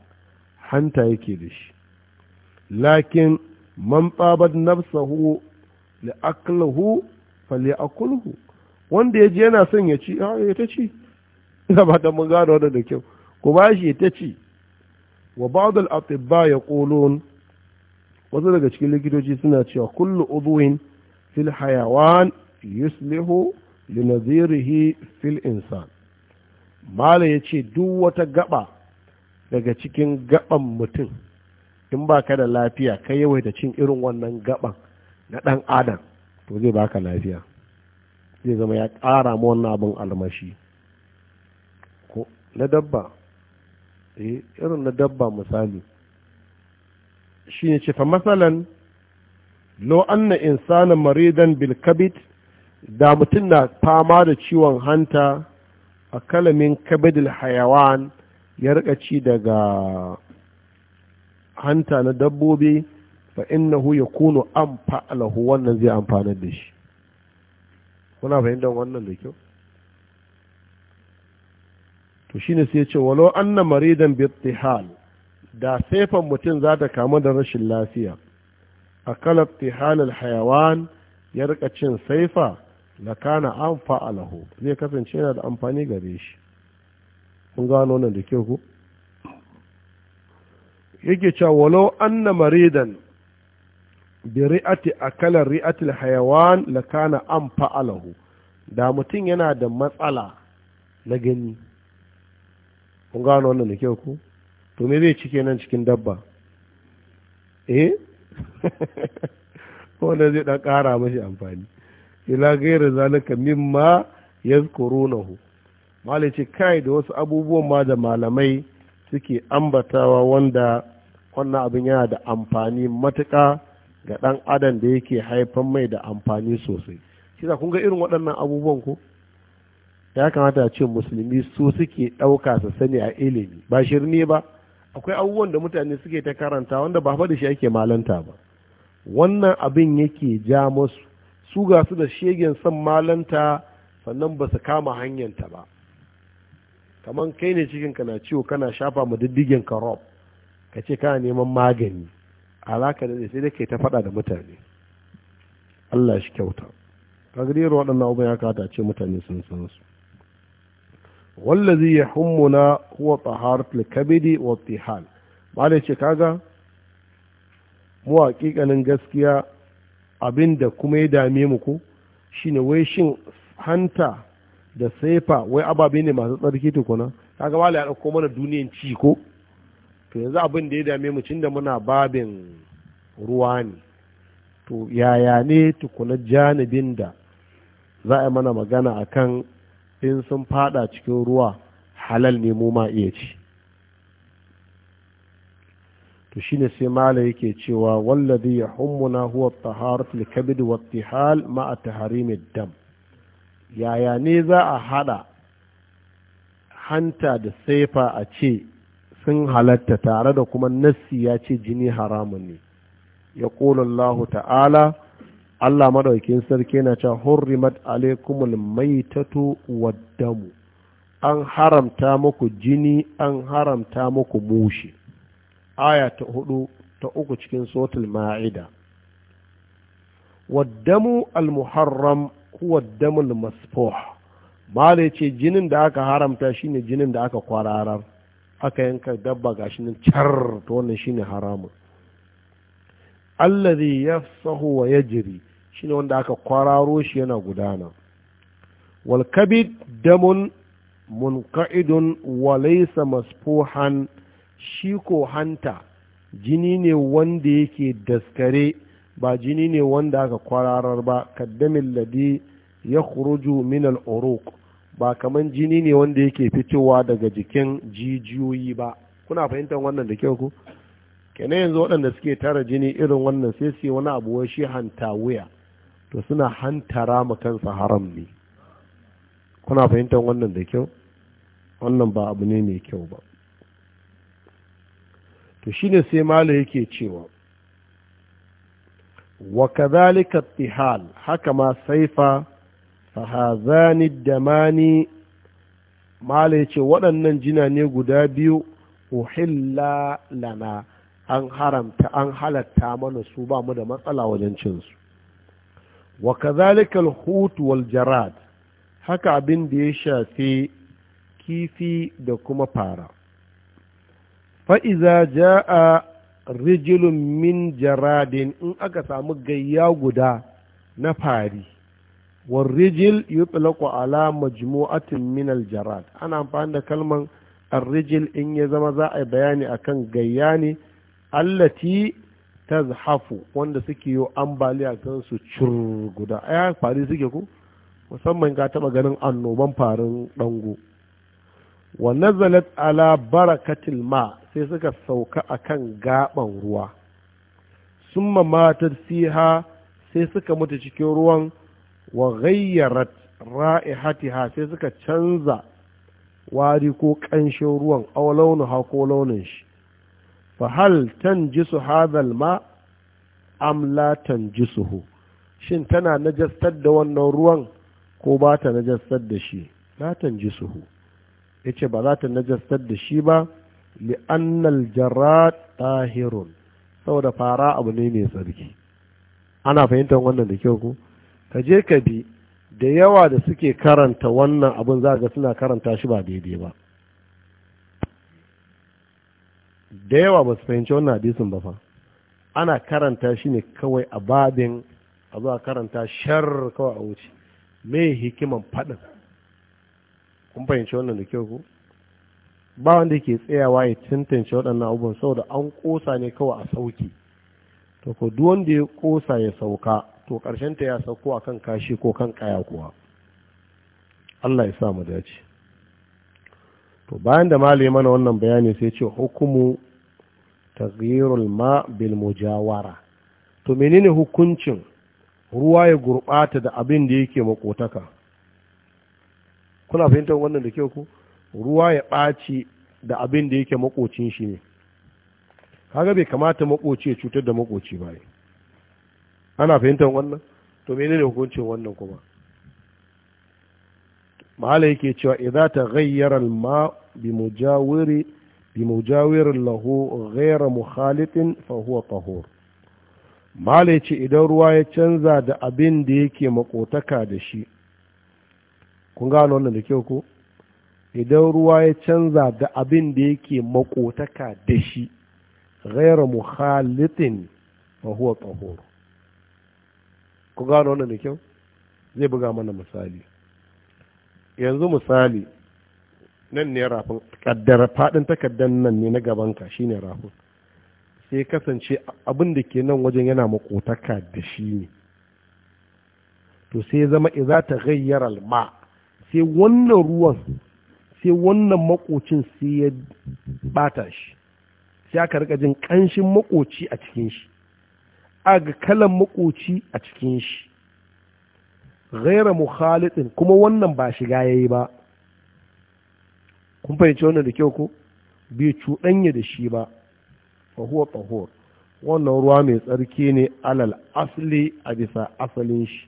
Speaker 1: hanta yake da shi lakin man tsabar nafsahu li aklahu fali akulhu wanda ya yana son ya ci ya ta ci ina ba ta mun gano da kyau ku ba shi ta ci wa ba'd al atibba yaqulun wasu daga cikin likitoci suna cewa kullu udwin fil hayawan yuslihu li nadhirihi fil insan mala yace duk wata gaba daga cikin gaban mutum in ba ka da lafiya ka yawaita cin irin wannan gaban na ɗan adam to zai baka lafiya zai zama ya ƙara ma wannan abin almashi ko na dabba eh irin na dabba misali shi ne ce fa masalan lo anna insana maridan bil kabit da mutum na fama da ciwon hanta a kalamin kabidil hayawan ya rika ci daga hanta na dabbobi fa innahu yakunu amfa lahu wannan zai amfana da shi kuna fahimtar wannan da kyau to shine sai ya ce walau anna maridan bi tihal da saifan mutum za ta kamu da rashin lafiya a kalar tihalin hayawan ya rika cin saifa na kana amfa lahu zai kasance yana da amfani gare shi kun gano wannan da kyau ku yake cewa walau anna maridan bi ri'ati akala ri'atil hayawan la kana an fa'alahu da mutum yana da matsala na gani kun gano wannan da kyau ku to me zai cike nan cikin dabba eh da zai dan kara mashi amfani ila gaira zalika mimma yazkurunahu malai ce kai da wasu abubuwan ma da malamai suke ambatawa wanda wannan abin yana da amfani matuka ga ɗan adam da yake haifan mai da amfani sosai shi kun ga irin waɗannan abubuwan ko ya kamata a ce musulmi su suke ɗauka su sani a ilimi ba shirme ba akwai abubuwan da mutane suke ta karanta wanda ba faɗi shi ake malanta ba wannan abin yake ja musu su ga su da shegen son malanta sannan ba su kama hanyanta ba kamar kai ne cikinka na ciwo kana shafa ma diddigin ka rob ka ce kana neman magani alaka da sai da ke ta faɗa da mutane Allah shi kyauta kaga dai waɗannan abubuwan ya kata ce mutane sun san su wallazi yahummuna huwa taharatul kabidi wa tihal da ce kaga mu hakikanin gaskiya abinda kuma ya dame mu ko shine wai shin hanta da saifa wai ababe ne masu tsarki tukuna gaba da ya dauko mana duniyan ci ko to yanzu abin da ya dame mu cin da muna babin ruwa ne to yaya ne tukuna janibin da za a mana magana a kan in sun fada cikin ruwa halal ne mu ma iya ci to shine sai mala yake cewa wallazi yahummuna huwa at-taharatu likabid wa at-tihal ma'a taharimid dam yaya ne za a haɗa hanta da saifa a ce sun halatta tare da kuma nassi ya ce jini haramun ne ya Allah ta'ala Allah maɗaukin sarki na cewa hurrimat alaikumul maitatu waddamu an haramta muku jini an haramta muku mushi aya ta hudu ta uku cikin sotul ma'ida waddamu al-muharram kuwar damul masfoh malai ce jinin da aka haramta shine jinin da aka kwararar aka yanka dabba ga shi nan char to wannan shine haramun allazi yafsahu wa yajri shine wanda aka kwararo shi yana gudana wal kabid damun munqa'idun wa laysa masfuhan shi ko hanta jini ne wanda yake daskare ba jini ne wanda aka kwararar ba kaddamin ladi ya kuruju min al'uruk ba kaman jini ne wanda yake fitowa daga jikin jijiyoyi ba kuna fahimtar wannan da kyau ku kenan yanzu waɗanda suke tara jini irin wannan sai su wani abu shi hanta wuya to suna hantara ma kansa haram ne kuna fahimtar wannan da kyau wannan ba abu ne mai kyau ba to shine sai malo yake cewa wa kadhalika tihal haka ma saifa fa hazani damani mala yace waɗannan jina ne guda biyu uhilla lana an haramta an halatta mana su ba mu da matsala wajen cinsu. su wa kadhalika hut wal jarad haka abin da ya shafi kifi da kuma fara fa'iza ja'a rijilun min jaradin in aka samu gayya guda na fari war rijil yutlaqu ala majmu'atin min al jarad ana amfani da kalman ar-rijil in ya zama za a yi bayani akan gayya ne allati tazhafu wanda suke yi ambaliya kan su cur guda ai fari suke ko musamman ka taba ganin annoban farin dango wa nazalat ala barakatil ma sai suka sauka a kan gaɓan ruwa sun mamatar siha sai suka mutu cikin ruwan wa ghayyarat ra'ihatiha sai suka canza wari ko ƙanshin ruwan aw launuha ko launin shi fa hal tanjisu hadhal ma am la tanjisuhu shin tana najastar da wannan ruwan ko ba ta najastar da shi la tanjisuhu yace ba za ta najastar da shi ba li'annal jarrad tahirun saboda fara abu ne mai tsarki ana fahimtar wannan da kyau ku ka je ka bi da yawa da suke karanta wannan abin za ga suna karanta shi ba daidai ba da yawa ba su fahimci wannan hadisin ba fa ana karanta shi ne kawai a babin a zuwa karanta shar kawai a wuce me hikiman faɗin kun fahimci wannan da kyau ku ba wanda ke tsayawa ya tantance waɗannan abubuwan saboda an ƙosa ne kawai a sauki to ko duk wanda ya ƙosa ya sauka to ƙarshen ta ya sauko kan kashi ko kan kaya kuwa Allah ya sa mu dace to bayan da malami mana wannan bayani sai ce hukumu taghyirul ma bil mujawara to menene hukuncin ruwa ya gurɓata da abin da yake makotaka kuna fahimtar wannan da kyau ku ruwa ya ɓaci da abin da yake makocin shi ne kaga bai kamata makoci ya cutar da makoci ba ana fahimtar wannan to ne hukuncin wannan kuma mahala yake cewa idza taghayyara al-ma bi mujawiri bi mujawir lahu ghayra mukhalitin fa huwa tahur mahala yace idan ruwa ya canza da abin da yake makotaka da shi kun gano wannan da kyau ko idan ruwa ya canza da abin da yake makotaka da shi ghairu mukhalitin fa huwa tahur ku gano wannan da kyau zai buga mana misali yanzu misali nan ne rafin kaddar fadin takardar nan ne na gabanka shine rafin sai kasance abin da ke nan wajen yana makotaka da shi ne to sai zama iza ta ghayyar alma sai wannan ruwan sai wannan makocin sai ya bata shi sai aka rika jin kanshin makoci a cikin shi aga kalan makoci a cikin shi ghaira mukhalitin kuma wannan ba shiga yayi ba kun fahimci wannan da kyau ko bai cuɗanya da shi ba fa huwa wannan ruwa mai tsarki ne alal asli a bisa asalin shi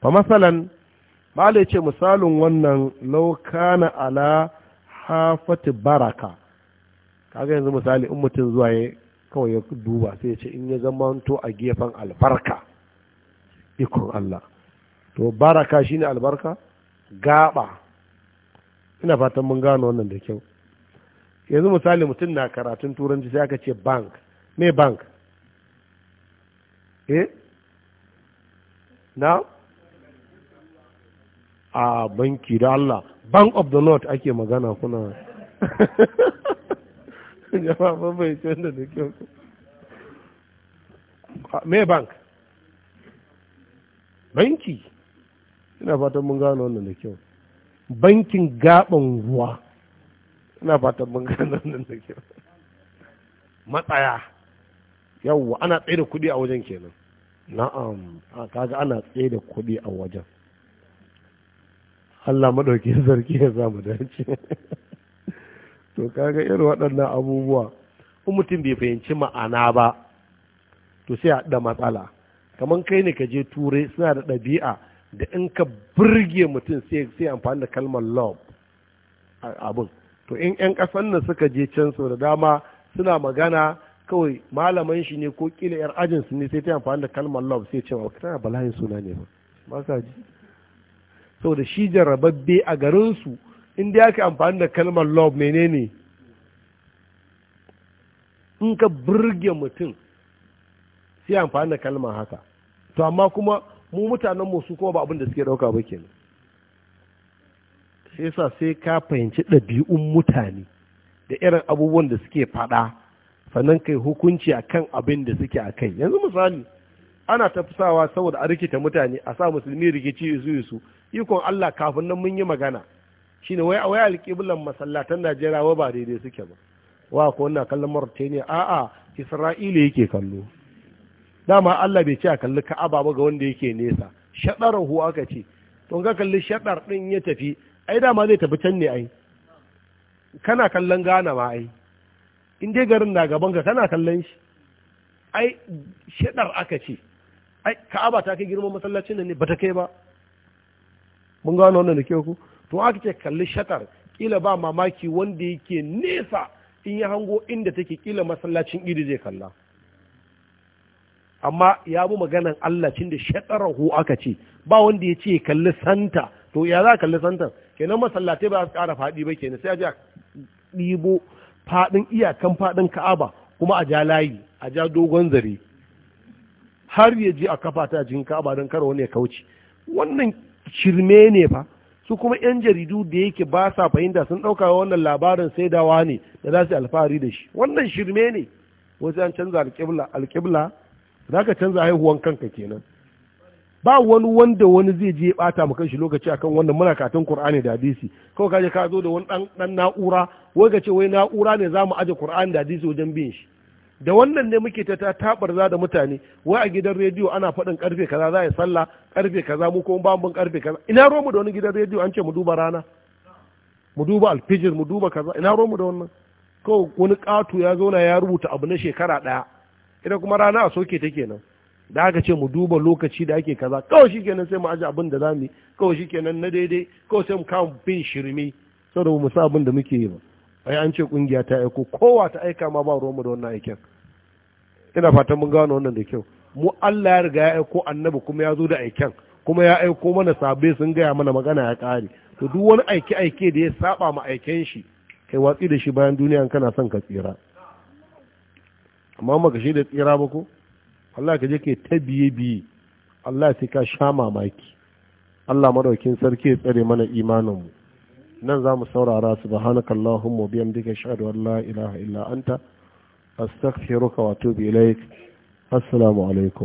Speaker 1: fa masalan malai ce misalin wannan laukana ala hafati baraka kaga yanzu misali in mutum zuwa ya kawai ya duba sai ya ce in ya zama to a gefen albarka ikon Allah to baraka shi ne albarka gaba ina fatan mun gano wannan da kyau yanzu misali mutum na karatun turanci sai aka ce bank me bank eh na a banki da Allah bank of the north ake magana kuna jama'a bai ce wanda da kyau me bank banki ina fatan mun gano wannan da kyau bankin gaban ruwa ina fatan mun gano wannan da kyau matsaya yawwa ana tsaye da kuɗi a wajen kenan na'am kaga ana tsaye da kuɗi a wajen Allah maɗauki zarki ya mu dace to kaga irin waɗannan abubuwa in mutum bai fahimci ma'ana ba to sai a da matsala kamar kai ne ka je turai suna da ɗabi'a da in ka burge mutum sai amfani da kalmar love abin to in 'yan ƙasan nan suka je can sau da dama suna magana kawai malaman shi ne ko ƙila 'yar ajinsu ne sai ta amfani da kalmar love sai ce wa bala'in suna ne ba ba ji saboda shi jarrababbe a garinsu inda ya ka amfani da kalmar love menene in ka burge mutum sai amfani da kalmar haka to amma kuma mu mutanen kuma ba abin da suke ɗauka ba kenan sai sa sai ka fahimci ɗabi'un mutane da irin abubuwan da suke faɗa sannan kai hukunci akan abin da suke a kai yanzu misali ana tafisawa saboda a rikita mutane a sa musulmi rikici isu su. ikon Allah kafin nan mun yi magana shine wai a waya alƙiblan masallatan Najeriya wa ba daidai suke ba wa ko wannan kallon Mauritania a'a Isra'ila yake kallo dama Allah bai ce a kalli Ka'aba ba ga wanda yake nesa shadarahu aka ce to ga kalli shadar din ya tafi ai dama zai tafi can ne ai kana kallon Ghana ma ai in dai garin na gaban ka kana kallon shi ai shadar aka ce ai Ka'aba ta kai girman masallacin ne ba ta kai ba mun gano wannan da ke ku to aka ce kalli shatar kila ba mamaki wanda yake nesa in ya hango inda take kila masallacin idi zai kalla amma ya bi maganan Allah cin da shatarahu aka ce ba wanda ya ce kalli santa to ya za kalli santa kenan masallatai ba su ƙara faɗi ba kenan sai a ji a ɗibo faɗin iyakan faɗin ka'aba kuma a ja layi a ja dogon zare har ya je a kafata ta jin ka'aba don kar wani ya kauce wannan shirme ne fa su kuma yan jaridu da yake ba sa fahimta sun ɗauka wannan labarin sai saidawa ne da za su alfahari da shi wannan shirme ne wasu an canza alƙibla alƙibla za ka canza haihuwan kanka kenan ba wani wanda wani zai je bata maka shi lokaci akan wannan muna katin Qur'ani da hadisi kawai kaje ka zo da wani dan na'ura wai ka ce wai na'ura ne za mu aje Qur'ani da hadisi wajen bin shi da wannan ne muke ta za da mutane wai a gidan rediyo ana faɗin karfe kaza za a yi sallah karfe kaza mu kuma ba mun karfe kaza ina romu da wani gidan rediyo an ce mu duba rana mu duba alfijir mu duba kaza ina romu da wannan ko wani katu ya zauna ya rubuta abu na shekara ɗaya ita kuma rana a soke ta kenan da aka ce mu duba lokaci da ake kaza kawai shikenan sai mu aje abin da zamu yi kawai shikenan na daidai kawai sai mu kawo bin shirme saboda mu sa abin da muke yi ba ai an ce kungiya ta aiko kowa ta aika ma ba ruwanmu da wannan aikin ina fatan mun gano wannan da kyau mu Allah ya riga ya aiko annabi kuma ya zo da aikin kuma ya aiko mana sabe sun gaya mana magana ya kare to duk wani aike aike da ya saba ma aiken shi kai watsi da shi bayan duniya kana son ka tsira amma maka shi da tsira ba ko Allah ka je ke ta biye biye Allah sai ka sha mamaki Allah madaukin sarki ya tsare mana imanin mu nan za mu saurara subhanakallahumma mu biyan an la ilaha illa anta astaghfiruka wa atubu ilaik assalamu alaikum